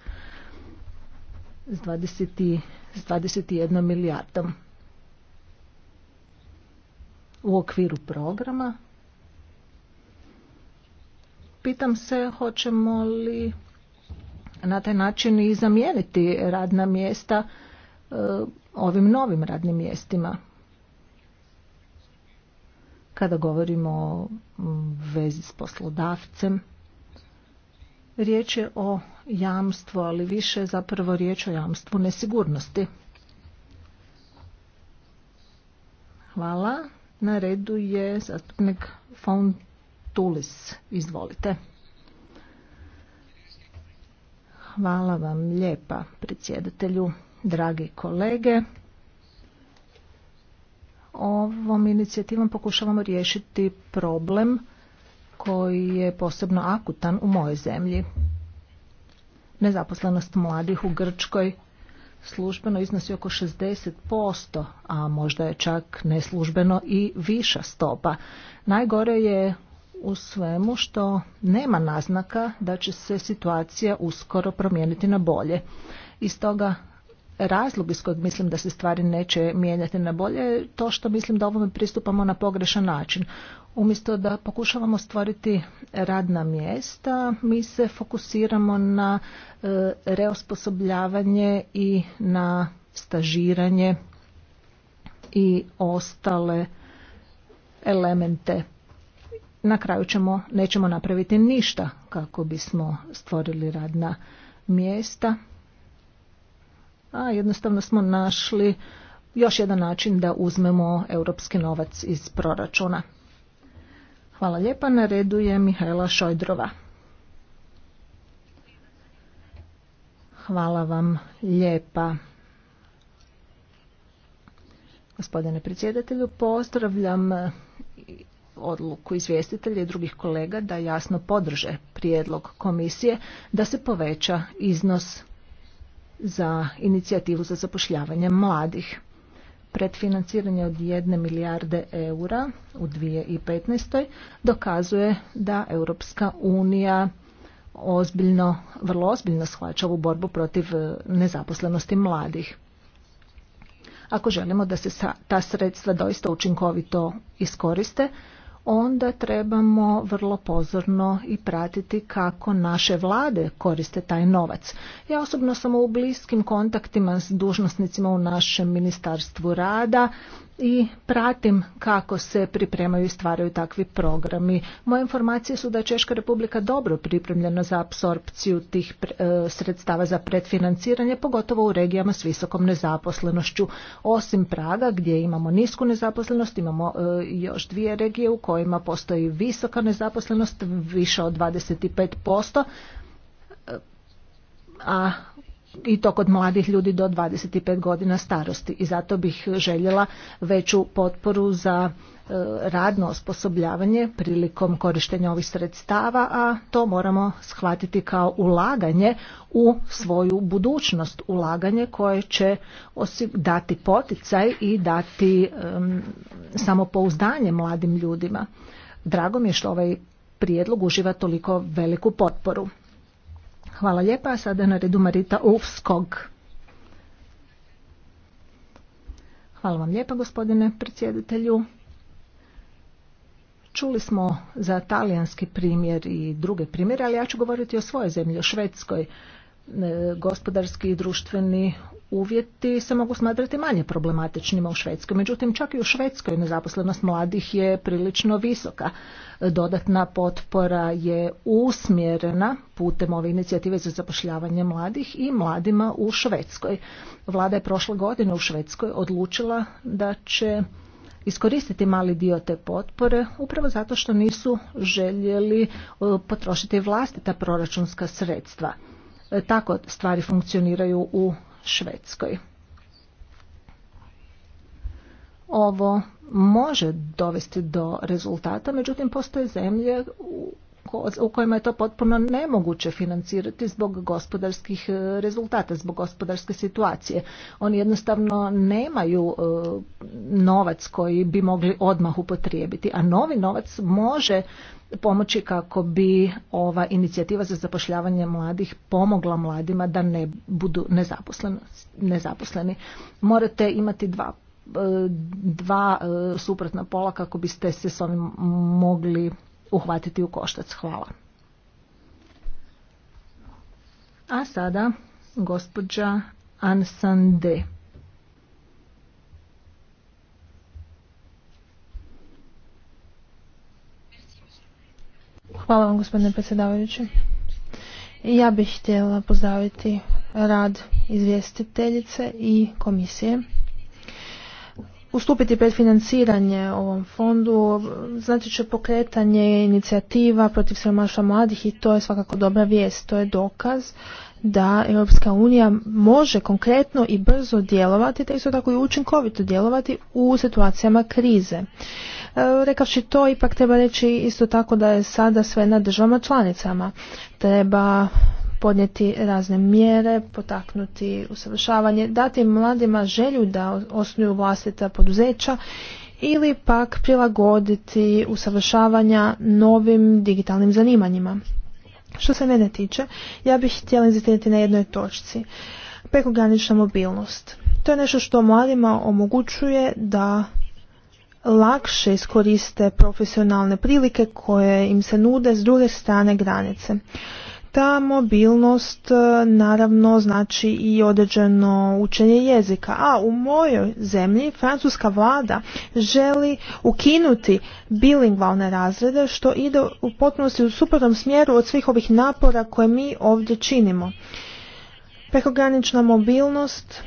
s, dvadeset s 21 milijardom u okviru programa. Pitam se hoćemo li na taj način i zamijeniti radna mjesta e, ovim novim radnim mjestima. Kada govorimo o vezi s poslodavcem, riječ je o jamstvu, ali više je zapravo riječ o jamstvu nesigurnosti. Hvala. Na redu je zastupnik Fontulis. Izvolite. Hvala vam lijepa predsjedatelju, dragi kolege. Ovom inicijativom pokušavamo riješiti problem koji je posebno akutan u mojoj zemlji. Nezaposlenost mladih u Grčkoj službeno iznosi oko 60%, a možda je čak neslužbeno i viša stopa. Najgore je u svemu što nema naznaka da će se situacija uskoro promijeniti na bolje. I stoga razlog iz kojeg mislim da se stvari neće mijenjati na bolje je to što mislim da ovome pristupamo na pogrešan način. Umjesto da pokušavamo stvoriti radna mjesta, mi se fokusiramo na e, reosposobljavanje i na stažiranje i ostale elemente na kraju ćemo, nećemo napraviti ništa kako bismo stvorili radna mjesta. A jednostavno smo našli još jedan način da uzmemo europski novac iz proračuna. Hvala lijepa, na redu je Mihajla Šojdrova. Hvala vam lijepa. Gospodine predsjedatelju, pozdravljam odluku izvjestitelja i drugih kolega da jasno podrže prijedlog komisije da se poveća iznos za inicijativu za zapošljavanje mladih. Predfinanciranje od 1 milijarde eura u 2015. dokazuje da Europska unija ozbiljno, vrlo ozbiljno shvaća ovu borbu protiv e, nezaposlenosti mladih. Ako želimo da se ta sredstva doista učinkovito iskoriste, onda trebamo vrlo pozorno i pratiti kako naše vlade koriste taj novac. Ja osobno sam u bliskim kontaktima s dužnosnicima u našem ministarstvu rada i pratim kako se pripremaju i stvaraju takvi programi. Moje informacije su da je Češka republika dobro pripremljena za apsorpciju tih e, sredstava za predfinanciranje, pogotovo u regijama s visokom nezaposlenošću. Osim Praga gdje imamo nisku nezaposlenost, imamo e, još dvije regije u kojima postoji visoka nezaposlenost, više od 25%, e, a i to kod mladih ljudi do 25 godina starosti i zato bih željela veću potporu za e, radno osposobljavanje prilikom korištenja ovih sredstava, a to moramo shvatiti kao ulaganje u svoju budućnost, ulaganje koje će dati poticaj i dati samopouzdanje mladim ljudima. Drago mi je što ovaj prijedlog uživa toliko veliku potporu. Hvala lijepa. Sada je na redu Marita Uvskog. Hvala vam lijepa gospodine predsjedatelju. Čuli smo za talijanski primjer i druge primjere, ali ja ću govoriti o svojoj zemlji, o Švedskoj. E, gospodarski i društveni uvjeti se mogu smatrati manje problematičnima u Švedskoj. Međutim, čak i u Švedskoj nezaposlenost mladih je prilično visoka. Dodatna potpora je usmjerena putem ove inicijative za zapošljavanje mladih i mladima u Švedskoj. Vlada je prošle godine u Švedskoj odlučila da će iskoristiti mali dio te potpore upravo zato što nisu željeli e, potrošiti vlastita proračunska sredstva. E, tako stvari funkcioniraju u Švedskoj. Ovo može dovesti do rezultata, međutim postoje zemlje u kojima je to potpuno nemoguće financirati zbog gospodarskih e, rezultata, zbog gospodarske situacije. Oni jednostavno nemaju e, novac koji bi mogli odmah upotrijebiti, a novi novac može pomoći kako bi ova inicijativa za zapošljavanje mladih pomogla mladima da ne budu nezaposleni. Morate imati dva, e, dva e, suprotna pola kako biste se s ovim mogli uhvatiti u koštac. Hvala. A sada gospođa Ansande. Hvala vam gospodine predsjedavajući. Ja bih htjela pozdraviti rad izvjestiteljice i komisije. Ustupiti pred financiranje ovom fondu znači će pokretanje inicijativa protiv siromaštva mladih i to je svakako dobra vijest. To je dokaz da Europska unija može konkretno i brzo djelovati, te isto tako i učinkovito djelovati u situacijama krize. E, rekavši to, ipak treba reći isto tako da je sada sve na državama članicama. Treba podnijeti razne mjere, potaknuti usavršavanje, dati mladima želju da osnuju vlastita poduzeća ili pak prilagoditi usavršavanja novim digitalnim zanimanjima. Što se mene tiče, ja bih htjela inzistirati na jednoj točci. Prekogranična mobilnost. To je nešto što mladima omogućuje da lakše iskoriste profesionalne prilike koje im se nude s druge strane granice. Ta mobilnost e, naravno znači i određeno učenje jezika, a u mojoj zemlji francuska vlada želi ukinuti bilingvalne razrede što ide u potpunosti u suprotnom smjeru od svih ovih napora koje mi ovdje činimo. Prekogranična mobilnost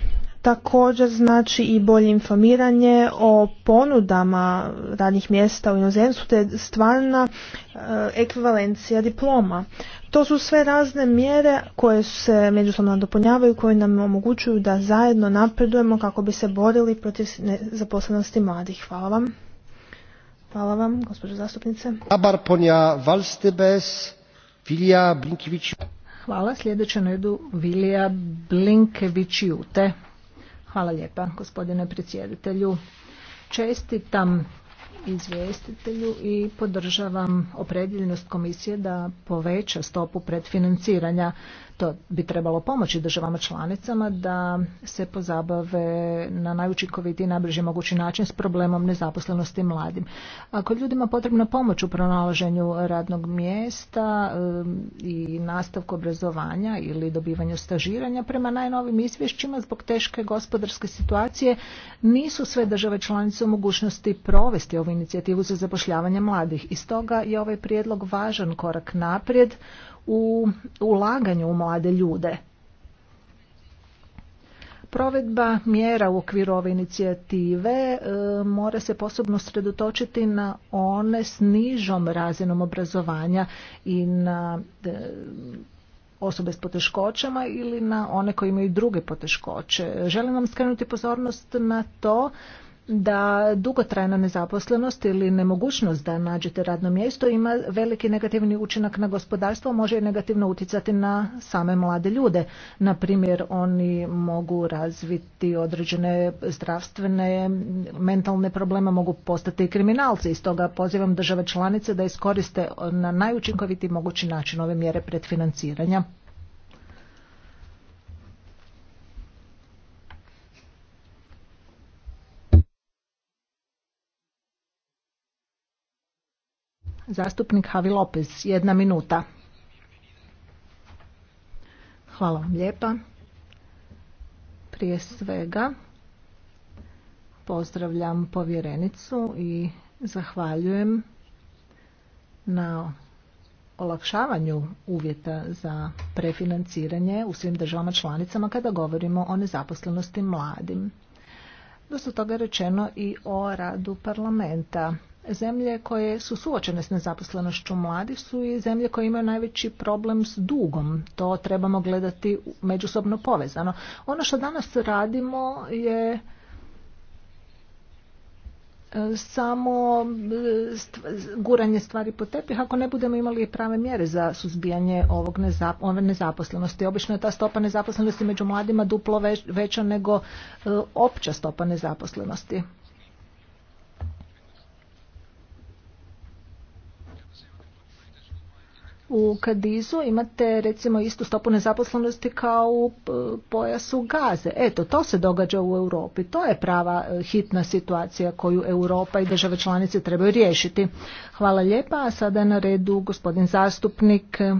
također znači i bolje informiranje o ponudama radnih mjesta u inozemstvu te stvarna e, ekvivalencija diploma. To su sve razne mjere koje se međusobno nadopunjavaju koje nam omogućuju da zajedno napredujemo kako bi se borili protiv zaposlenosti mladih. Hvala vam. Hvala vam, gospođo zastupnice. Hvala, sljedeće na redu Vilija Blinkević-Jute. Hvala lijepa gospodine predsjedatelju. Čestitam izvjestitelju i podržavam opredjeljenost komisije da poveća stopu predfinanciranja. To bi trebalo pomoći državama članicama da se pozabave na najučinkovitiji i najbrži mogući način s problemom nezaposlenosti mladim. Ako ljudima potrebna pomoć u pronalaženju radnog mjesta um, i nastavku obrazovanja ili dobivanju stažiranja, prema najnovim izvješćima zbog teške gospodarske situacije nisu sve države članice u mogućnosti provesti ovu inicijativu za zapošljavanje mladih. I stoga je ovaj prijedlog važan korak naprijed u ulaganju u mlade ljude. Provedba mjera u okviru ove inicijative e, mora se posebno sredotočiti na one s nižom razinom obrazovanja i na e, osobe s poteškoćama ili na one koji imaju druge poteškoće. Želim vam skrenuti pozornost na to da dugotrajna nezaposlenost ili nemogućnost da nađete radno mjesto ima veliki negativni učinak na gospodarstvo, može i negativno utjecati na same mlade ljude. Na primjer, oni mogu razviti određene zdravstvene, mentalne probleme, mogu postati i kriminalci. I stoga pozivam države članice da iskoriste na najučinkoviti mogući način ove mjere predfinanciranja. Zastupnik Havi Lopez, jedna minuta. Hvala vam lijepa. Prije svega pozdravljam povjerenicu i zahvaljujem na olakšavanju uvjeta za prefinanciranje u svim državama članicama kada govorimo o nezaposlenosti mladim. Dosta toga je rečeno i o radu parlamenta zemlje koje su suočene s nezaposlenošću mladih su i zemlje koje imaju najveći problem s dugom. To trebamo gledati međusobno povezano. Ono što danas radimo je e, samo e, guranje stvari po tepih ako ne budemo imali prave mjere za suzbijanje ovog nezap, ove nezaposlenosti. Obično je ta stopa nezaposlenosti među mladima duplo veća nego e, opća stopa nezaposlenosti. u Kadizu imate recimo istu stopu nezaposlenosti kao u pojasu gaze. Eto, to se događa u Europi. To je prava e, hitna situacija koju Europa i države članice trebaju riješiti. Hvala lijepa, a sada je na redu gospodin zastupnik. E,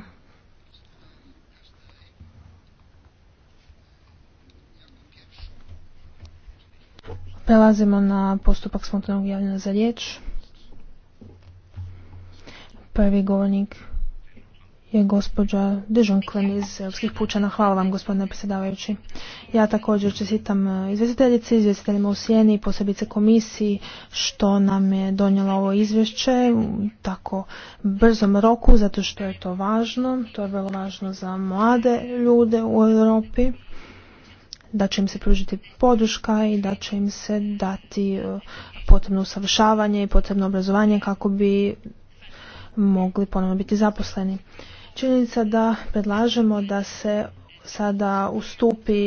Prelazimo na postupak spontanog javljanja za riječ. Prvi govornik je gospođa Dežunklen iz Europskih pučana. Hvala vam gospodine predsjedavajući. Ja također čestitam e, izvjestiteljici, izvjestiteljima u Sjeni, posebice komisiji što nam je donijelo ovo izvješće u tako brzom roku zato što je to važno. To je vrlo važno za mlade ljude u Europi da će im se pružiti podrška i da će im se dati e, potrebno usavršavanje i potrebno obrazovanje kako bi mogli ponovno biti zaposleni. Činjenica da predlažemo da se sada ustupi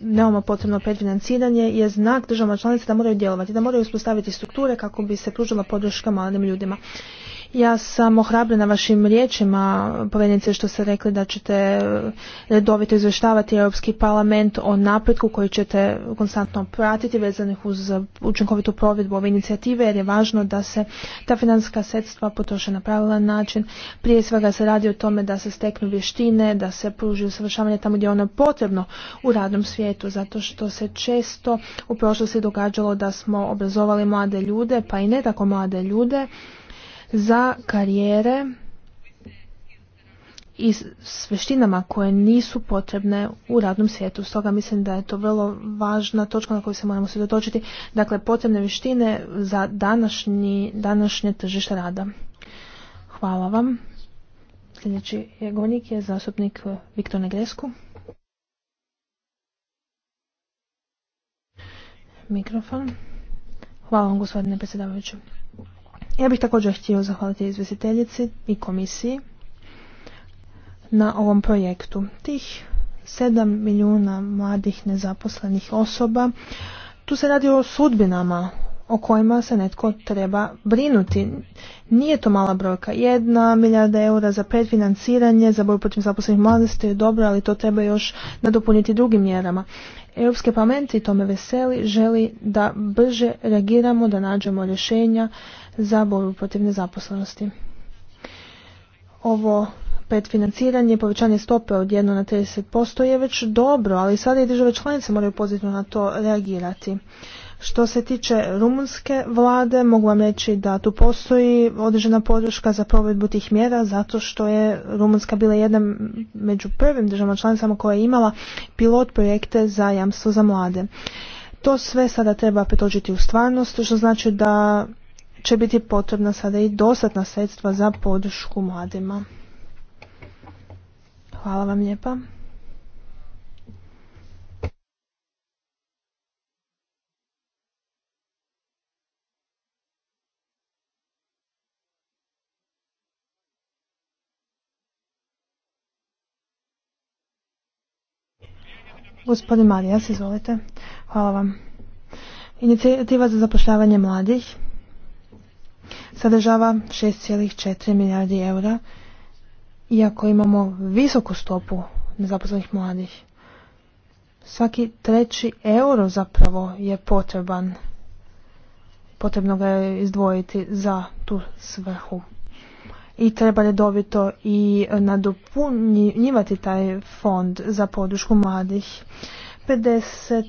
neoma potrebno predfinanciranje je znak državama članica da moraju djelovati, da moraju uspostaviti strukture kako bi se pružila podrška malim ljudima. Ja sam ohrabrena vašim riječima, povjednice, što ste rekli da ćete redovito izvještavati Europski parlament o napretku koji ćete konstantno pratiti vezanih uz učinkovitu provedbu ove inicijative, jer je važno da se ta financijska sredstva potroše na pravilan način. Prije svega se radi o tome da se steknu vještine, da se pruži usavršavanje tamo gdje ono je potrebno u radnom svijetu, zato što se često u prošlosti događalo da smo obrazovali mlade ljude, pa i ne tako mlade ljude, za karijere i s vještinama koje nisu potrebne u radnom svijetu. Stoga mislim da je to vrlo važna točka na kojoj se moramo svjedočiti. Dakle, potrebne vještine za današnji, današnje tržište rada. Hvala vam. Sljedeći govornik je zastupnik Viktor Negresku. Mikrofon. Hvala vam gospodine predsjedavajući. Ja bih također htio zahvaliti izvjestiteljici i komisiji na ovom projektu. Tih 7 milijuna mladih nezaposlenih osoba, tu se radi o sudbinama o kojima se netko treba brinuti. Nije to mala brojka. Jedna milijarda eura za predfinanciranje, za boju protiv zaposlenih mladosti je dobro, ali to treba još nadopuniti drugim mjerama. Europski parlament, i tome veseli, želi da brže reagiramo, da nađemo rješenja za borbu protiv nezaposlenosti. Ovo predfinanciranje i povećanje stope od 1 na 30% je već dobro, ali sada i države članice moraju pozitivno na to reagirati. Što se tiče rumunske vlade, mogu vam reći da tu postoji određena podrška za provedbu tih mjera zato što je Rumunska bila jedna među prvim državama članicama koja je imala pilot projekte za jamstvo za mlade. To sve sada treba pretođiti u stvarnost, što znači da će biti potrebna sada i dostatna sredstva za podršku mladima. Hvala vam lijepa. Gospodin Marijas, izvolite. Hvala vam. Inicijativa za zapošljavanje mladih sadržava 6,4 milijardi eura, iako imamo visoku stopu nezaposlenih mladih. Svaki treći euro zapravo je potreban. Potrebno ga je izdvojiti za tu svrhu i treba redovito i e, nadopunjivati taj fond za podršku mladih. 50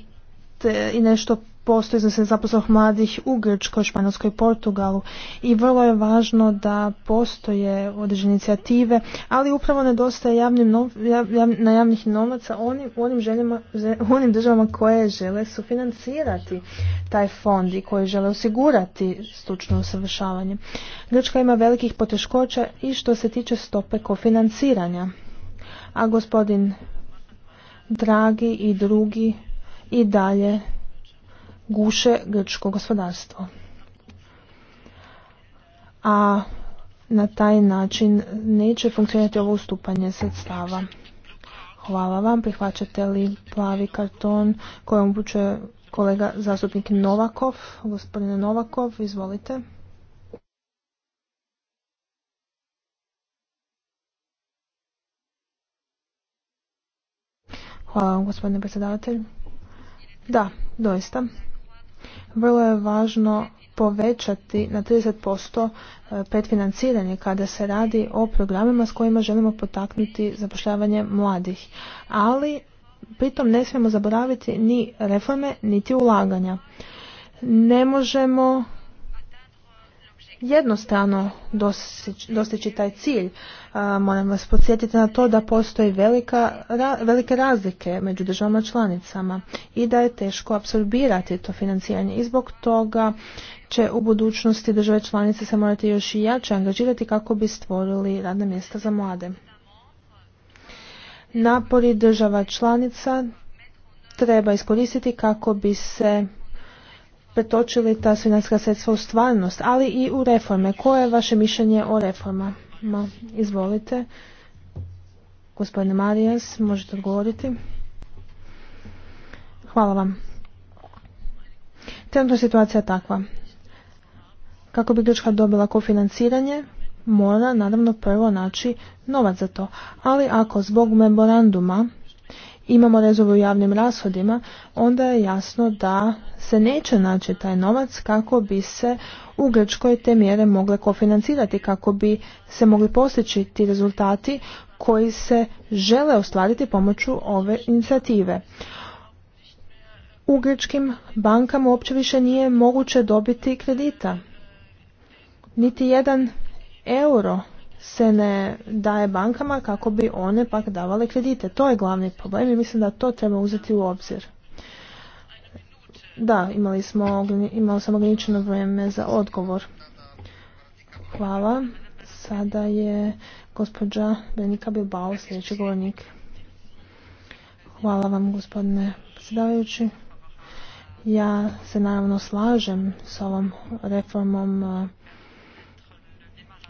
e, i nešto postoji se zaposlenih mladih u Grčkoj, Španjolskoj i Portugalu i vrlo je važno da postoje određene inicijative, ali upravo nedostaje javnim na javnih novaca onim, onim, onim državama koje žele sufinancirati taj fond i koje žele osigurati stručno usavršavanje. Grčka ima velikih poteškoća i što se tiče stope kofinanciranja. A gospodin Dragi i drugi i dalje guše grčko gospodarstvo. A na taj način neće funkcionirati ovo ustupanje sredstava. Hvala vam. Prihvaćate li plavi karton kojom upućuje kolega zastupnik Novakov? Gospodine Novakov, izvolite. Hvala vam, gospodine predsjedavatelj. Da, doista. Vrlo je važno povećati na 30% predfinanciranje kada se radi o programima s kojima želimo potaknuti zapošljavanje mladih. Ali pritom ne smijemo zaboraviti ni reforme niti ulaganja. Ne možemo jednostavno dostići taj cilj. Moram vas podsjetiti na to da postoji velike razlike među državama članicama i da je teško apsorbirati to financiranje i zbog toga će u budućnosti države članice se morati još i jače angažirati kako bi stvorili radna mjesta za mlade. Napori država članica treba iskoristiti kako bi se pretočili ta financijska sredstva u stvarnost, ali i u reforme. Koje je vaše mišljenje o reformama? Izvolite. Gospodine Marijas, možete odgovoriti. Hvala vam. Trenutno situacija je takva. Kako bi Grčka dobila kofinanciranje, mora naravno prvo naći novac za to. Ali ako zbog memoranduma imamo rezove u javnim rashodima, onda je jasno da se neće naći taj novac kako bi se u Grčkoj te mjere mogle kofinancirati, kako bi se mogli postići ti rezultati koji se žele ostvariti pomoću ove inicijative. U grčkim bankama uopće više nije moguće dobiti kredita. Niti jedan euro se ne daje bankama kako bi one pak davale kredite. To je glavni problem i mislim da to treba uzeti u obzir. Da, imali smo, imali sam ograničeno vrijeme za odgovor. Hvala. Sada je gospođa Benika Bilbao, sljedeći govornik. Hvala vam gospodine predsjedavajući. Ja se naravno slažem s ovom reformom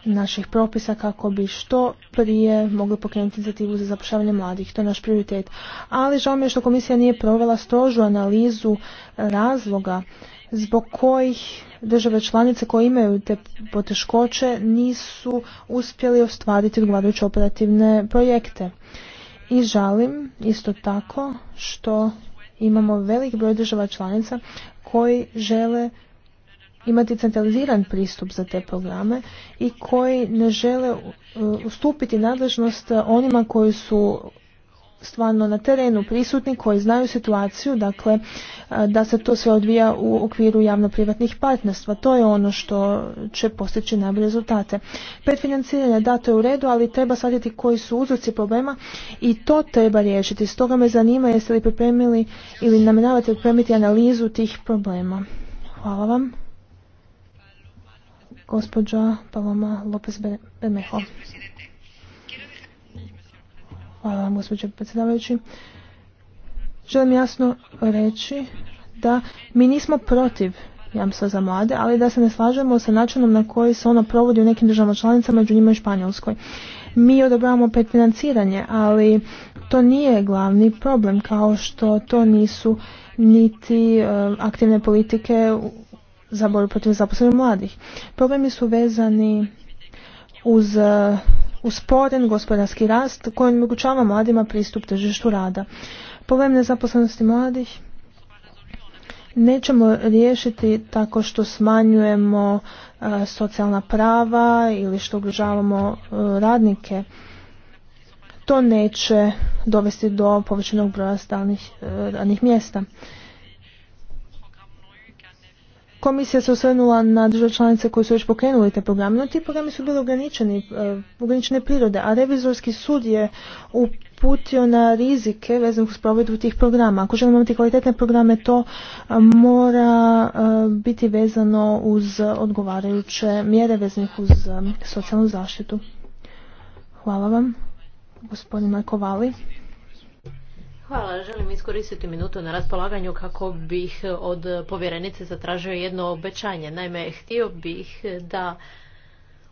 naših propisa kako bi što prije mogli pokrenuti inicijativu za zapošljavanje mladih. To je naš prioritet. Ali žao mi je što komisija nije provela strožu analizu e, razloga zbog kojih države članice koje imaju te poteškoće nisu uspjeli ostvariti odgovarajuće operativne projekte. I žalim isto tako što imamo velik broj država članica koji žele imati centraliziran pristup za te programe i koji ne žele uh, ustupiti nadležnost uh, onima koji su stvarno na terenu prisutni koji znaju situaciju, dakle uh, da se to sve odvija u okviru javno-privatnih partnerstva. To je ono što će postići najbolje rezultate. Pet financiranja da to je u redu, ali treba shvatiti koji su uzroci problema i to treba riješiti. Stoga me zanima jeste li pripremili ili namenavate pripremiti analizu tih problema. Hvala vam. Gospođa Paloma Lopez Bermejo. Hvala vam, gospođa predsjedavajući. Želim jasno reći da mi nismo protiv jamstva za mlade, ali da se ne slažemo sa načinom na koji se ono provodi u nekim državama članicama, među njima i Španjolskoj. Mi odobravamo financiranje ali to nije glavni problem, kao što to nisu niti e, aktivne politike za borbu protiv zaposlenih mladih. Problemi su vezani uz eh, usporen gospodarski rast koji omogućava mladima pristup tržištu rada. Problem nezaposlenosti mladih nećemo riješiti tako što smanjujemo eh, socijalna prava ili što ugrožavamo eh, radnike. To neće dovesti do povećenog broja stalnih radnih mjesta. Komisija se osvrnula na države članice koje su već pokrenuli te programe, no ti programi su bili ograničeni, e, ograničene prirode, a revizorski sud je uputio na rizike vezano uz provedbu tih programa. Ako želimo imati kvalitetne programe, to e, mora e, biti vezano uz odgovarajuće mjere vezanih uz socijalnu zaštitu. Hvala vam, gospodin Markovali. Hvala. Želim iskoristiti minutu na raspolaganju kako bih od povjerenice zatražio jedno obećanje. Naime, htio bih da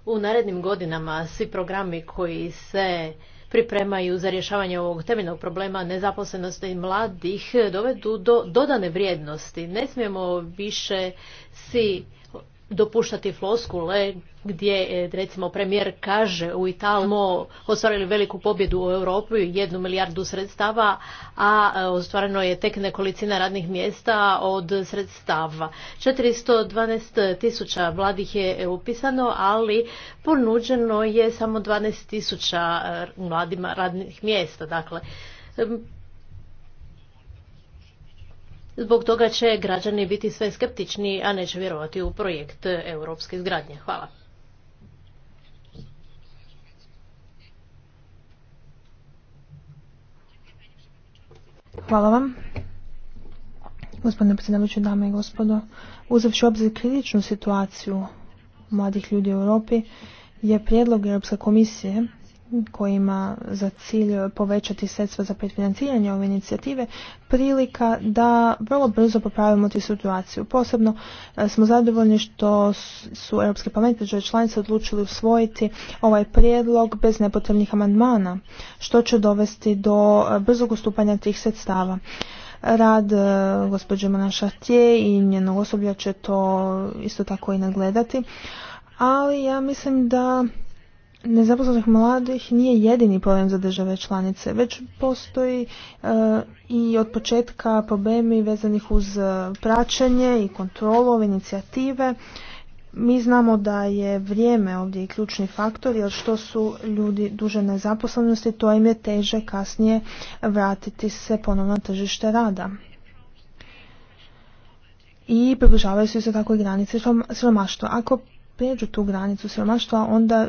u narednim godinama svi programi koji se pripremaju za rješavanje ovog temeljnog problema nezaposlenosti mladih dovedu do dodane vrijednosti. Ne smijemo više si dopuštati floskule gdje e, recimo premijer kaže u Italmo ostvarili veliku pobjedu u Europi, jednu milijardu sredstava, a e, ostvareno je tek nekolicina radnih mjesta od sredstava. 412 tisuća mladih je e, upisano, ali ponuđeno je samo 12 tisuća mladima radnih mjesta. Dakle, Zbog toga će građani biti sve skeptični, a neće vjerovati u projekt europske zgradnje. Hvala. Hvala vam. Gospodine predsjedavajući, dame i gospodo, Uzavši obzir kritičnu situaciju mladih ljudi u Europi, je prijedlog Europske komisije koji ima za cilj povećati sredstva za predfinanciranje ove inicijative, prilika da vrlo brzo popravimo tu situaciju. Posebno e, smo zadovoljni što su Europski parlament i članice odlučili usvojiti ovaj prijedlog bez nepotrebnih amandmana, što će dovesti do e, brzog ustupanja tih sredstava. Rad e, gospođe tije i njenog osoblja će to isto tako i nagledati ali ja mislim da nezaposlenih mladih nije jedini problem za države članice, već postoji e, i od početka problemi vezanih uz e, praćenje i kontrolu ove inicijative. Mi znamo da je vrijeme ovdje ključni faktor, jer što su ljudi duže nezaposlenosti, to im je teže kasnije vratiti se ponovno na tržište rada. I približavaju se isto tako i granice siromaštva. Ako pređu tu granicu siromaštva, onda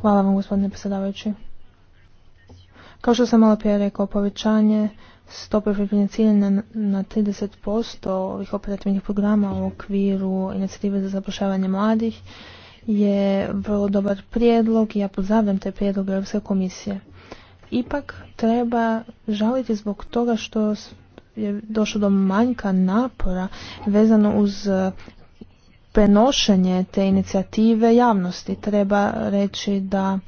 Hvala vam, gospodine predsjedavajući. Kao što sam malo prije rekao, povećanje stope financiranja na posto ovih operativnih programa u okviru inicijative za zapošljavanje mladih je vrlo dobar prijedlog i ja pozdravljam taj prijedlog Europske komisije. Ipak treba žaliti zbog toga što je došlo do manjka napora vezano uz prenošenje te inicijative javnosti. Treba reći da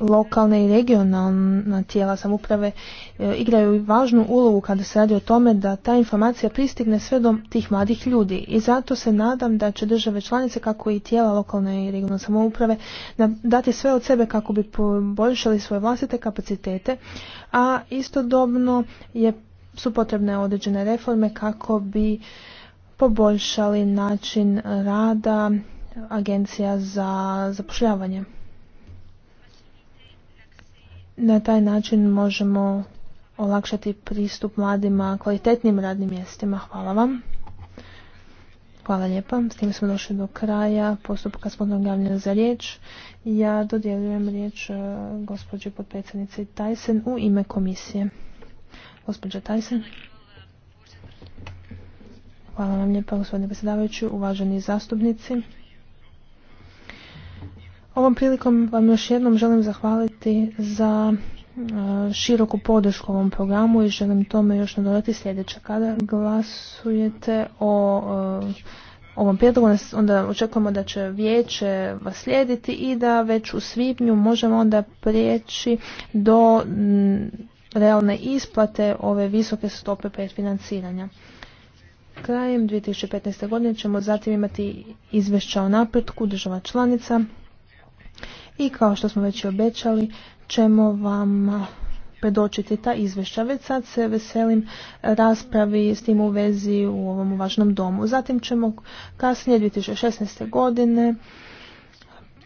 lokalne i regionalna tijela samouprave e, igraju važnu ulogu kada se radi o tome da ta informacija pristigne sve do tih mladih ljudi. I zato se nadam da će države članice kako i tijela lokalne i regionalne samouprave dati sve od sebe kako bi poboljšali svoje vlastite kapacitete, a istodobno je su potrebne određene reforme kako bi poboljšali način rada agencija za zapošljavanje. Na taj način možemo olakšati pristup mladima kvalitetnim radnim mjestima. Hvala vam. Hvala lijepa. S tim smo došli do kraja postupka spodnog javljanja za riječ. Ja dodjeljujem riječ e, gospođi potpredsjednici Tajsen u ime komisije. Gospođa Tajsen. Hvala vam lijepa gospodine predsjedavajući, uvaženi zastupnici. Ovom prilikom vam još jednom želim zahvaliti za e, široku podršku ovom programu i želim tome još nadodati sljedeće. Kada glasujete o e, ovom prijedlogu, onda očekujemo da će vijeće vas slijediti i da već u svibnju možemo onda prijeći do realne isplate ove visoke stope predfinanciranja. financiranja. Krajem 2015. godine ćemo zatim imati izvješća o napretku država članica i kao što smo već i obećali ćemo vam predočiti ta izvješća. Već sad se veselim raspravi s tim u vezi u ovom važnom domu. Zatim ćemo kasnije 2016. godine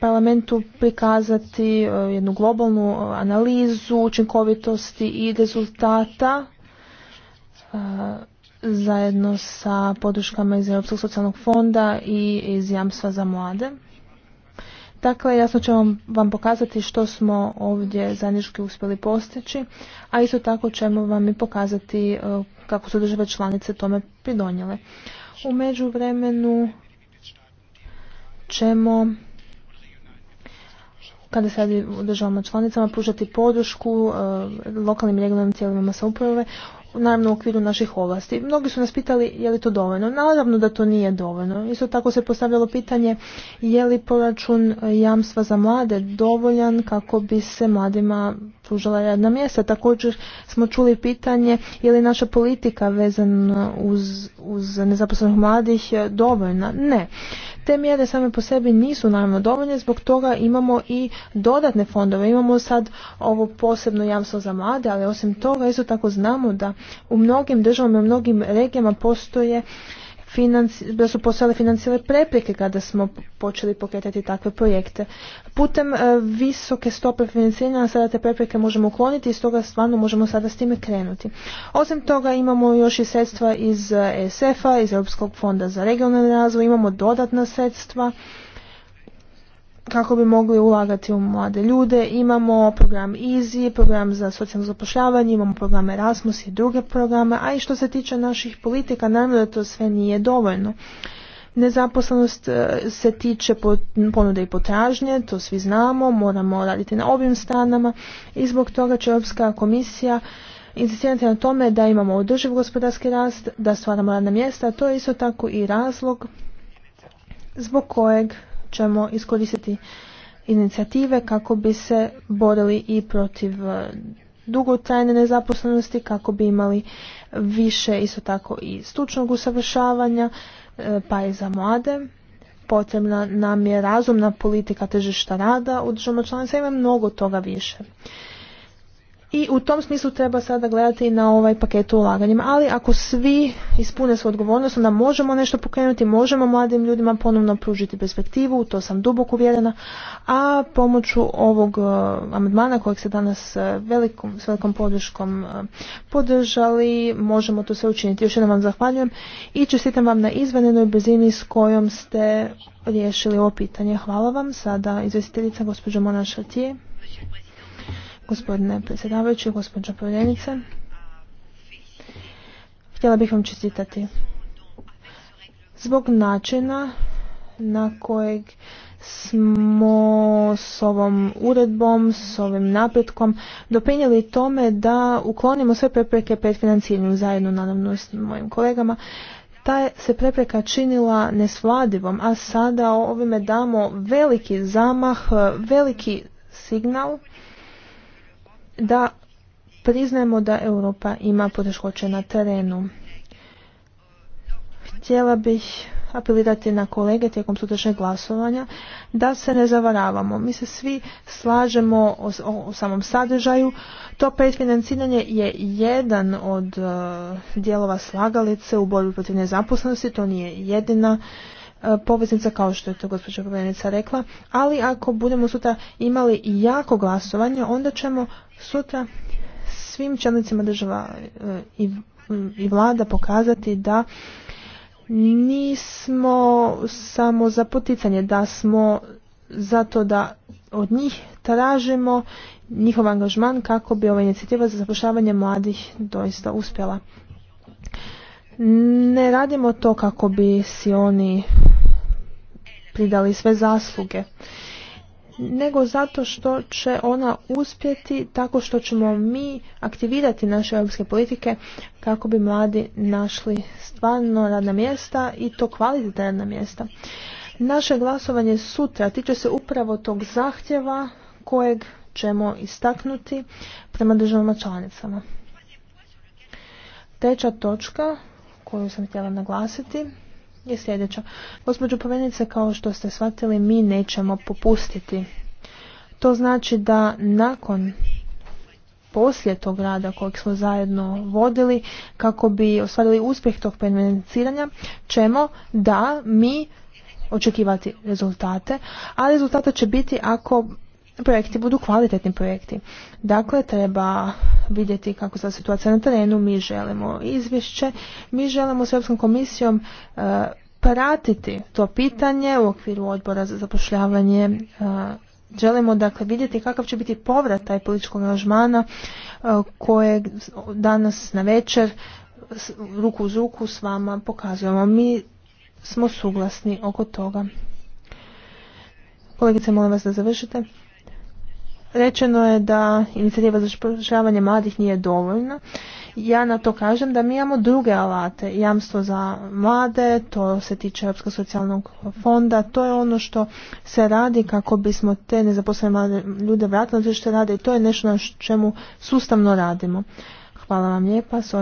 parlamentu prikazati e, jednu globalnu e, analizu učinkovitosti i rezultata e, zajedno sa podrškama iz Europskog socijalnog fonda i iz jamstva za mlade. Dakle, jasno ćemo vam pokazati što smo ovdje zajednički uspjeli postići, a isto tako ćemo vam i pokazati e, kako su države članice tome pridonjele. U međuvremenu ćemo kada se radi u državama članicama pružati podršku e, lokalnim regionalnim tijelima samouprave naravno u okviru naših ovlasti. Mnogi su nas pitali je li to dovoljno. Naravno da to nije dovoljno. Isto tako se postavljalo pitanje je li proračun jamstva za mlade dovoljan kako bi se mladima pružala radna mjesta. Također smo čuli pitanje je li naša politika vezana uz, uz nezaposlenih mladih dovoljna. Ne. Te mjere same po sebi nisu naravno dovoljne, zbog toga imamo i dodatne fondove. Imamo sad ovo posebno jamstvo za mlade, ali osim toga isto tako znamo da u mnogim državama, u mnogim regijama postoje da su postale financijale prepreke kada smo počeli pokretati takve projekte. Putem e, visoke stope financiranja sada te prepreke možemo ukloniti i stoga stvarno možemo sada s time krenuti. Osim toga imamo još i sredstva iz ESF-a, iz Europskog fonda za regionalni razvoj, imamo dodatna sredstva kako bi mogli ulagati u mlade ljude. Imamo program EASY, program za socijalno zapošljavanje, imamo program Erasmus i druge programe, a i što se tiče naših politika, naravno da to sve nije dovoljno. Nezaposlenost e, se tiče ponude i potražnje, to svi znamo, moramo raditi na ovim stranama i zbog toga će Europska komisija insistirati na tome da imamo održiv gospodarski rast, da stvaramo radna mjesta, a to je isto tako i razlog zbog kojeg ćemo iskoristiti inicijative kako bi se borili i protiv e, dugotrajne nezaposlenosti, kako bi imali više isto tako i stručnog usavršavanja, e, pa i za mlade. Potrebna nam je razumna politika tržišta rada u državama članica, ima mnogo toga više. I u tom smislu treba sada gledati na ovaj paket u Ali ako svi ispune svoju odgovornost, onda možemo nešto pokrenuti, možemo mladim ljudima ponovno pružiti perspektivu, to sam duboko uvjerena, a pomoću ovog e, amandmana kojeg se danas e, velikom, s velikom podrškom e, podržali, možemo to sve učiniti. Još jednom vam zahvaljujem i čestitam vam na izvanenoj brzini s kojom ste riješili ovo pitanje. Hvala vam. Sada izvestiteljica, gospođa Mona Šatije. Gospodine predsjedavajući, gospođo povjerenice, htjela bih vam čestitati. Zbog načina na kojeg smo s ovom uredbom, s ovim napretkom doprinijeli tome da uklonimo sve prepreke pred financiranjem zajedno naravno s mojim kolegama. Ta se prepreka činila nesvladivom, a sada ovime damo veliki zamah, veliki signal da priznajemo da Europa ima poteškoće na terenu. Htjela bih apelirati na kolege tijekom sutrašnjeg glasovanja da se ne zavaravamo. Mi se svi slažemo o, samom sadržaju. To financiranje je jedan od e, dijelova slagalice u borbi protiv nezaposlenosti. To nije jedina E, poveznica kao što je to gospođa Povjerenica rekla, ali ako budemo sutra imali jako glasovanje, onda ćemo sutra svim čelnicima država e, i, vlada pokazati da nismo samo za poticanje, da smo zato da od njih tražimo njihov angažman kako bi ova inicijativa za zapošljavanje mladih doista uspjela. Ne radimo to kako bi si oni pridali sve zasluge, nego zato što će ona uspjeti tako što ćemo mi aktivirati naše europske politike kako bi mladi našli stvarno radna mjesta i to kvalitetna radna mjesta. Naše glasovanje sutra tiče se upravo tog zahtjeva kojeg ćemo istaknuti prema državama članicama. Treća točka koju sam htjela naglasiti je sljedeća. Gospođo povenice, kao što ste shvatili, mi nećemo popustiti. To znači da nakon poslije tog rada kojeg smo zajedno vodili kako bi ostvarili uspjeh tog penvenciranja, ćemo da mi očekivati rezultate, a rezultata će biti ako projekti budu kvalitetni projekti. Dakle, treba vidjeti kako se situacija na terenu. Mi želimo izvješće, mi želimo s Europskom komisijom e, pratiti to pitanje u okviru odbora za zapošljavanje. E, želimo dakle vidjeti kakav će biti povrat taj političkog angažmana e, kojeg koje danas na večer ruku uz ruku s vama pokazujemo. Mi smo suglasni oko toga. Kolegice, molim vas da završite. Rečeno je da inicijativa za zapošljavanje mladih nije dovoljna. Ja na to kažem da mi imamo druge alate. Jamstvo za mlade, to se tiče Europskog socijalnog fonda, to je ono što se radi kako bismo te nezaposlene mlade ljude vratili na tržište rade i to je nešto na čemu sustavno radimo. Hvala vam lijepa. S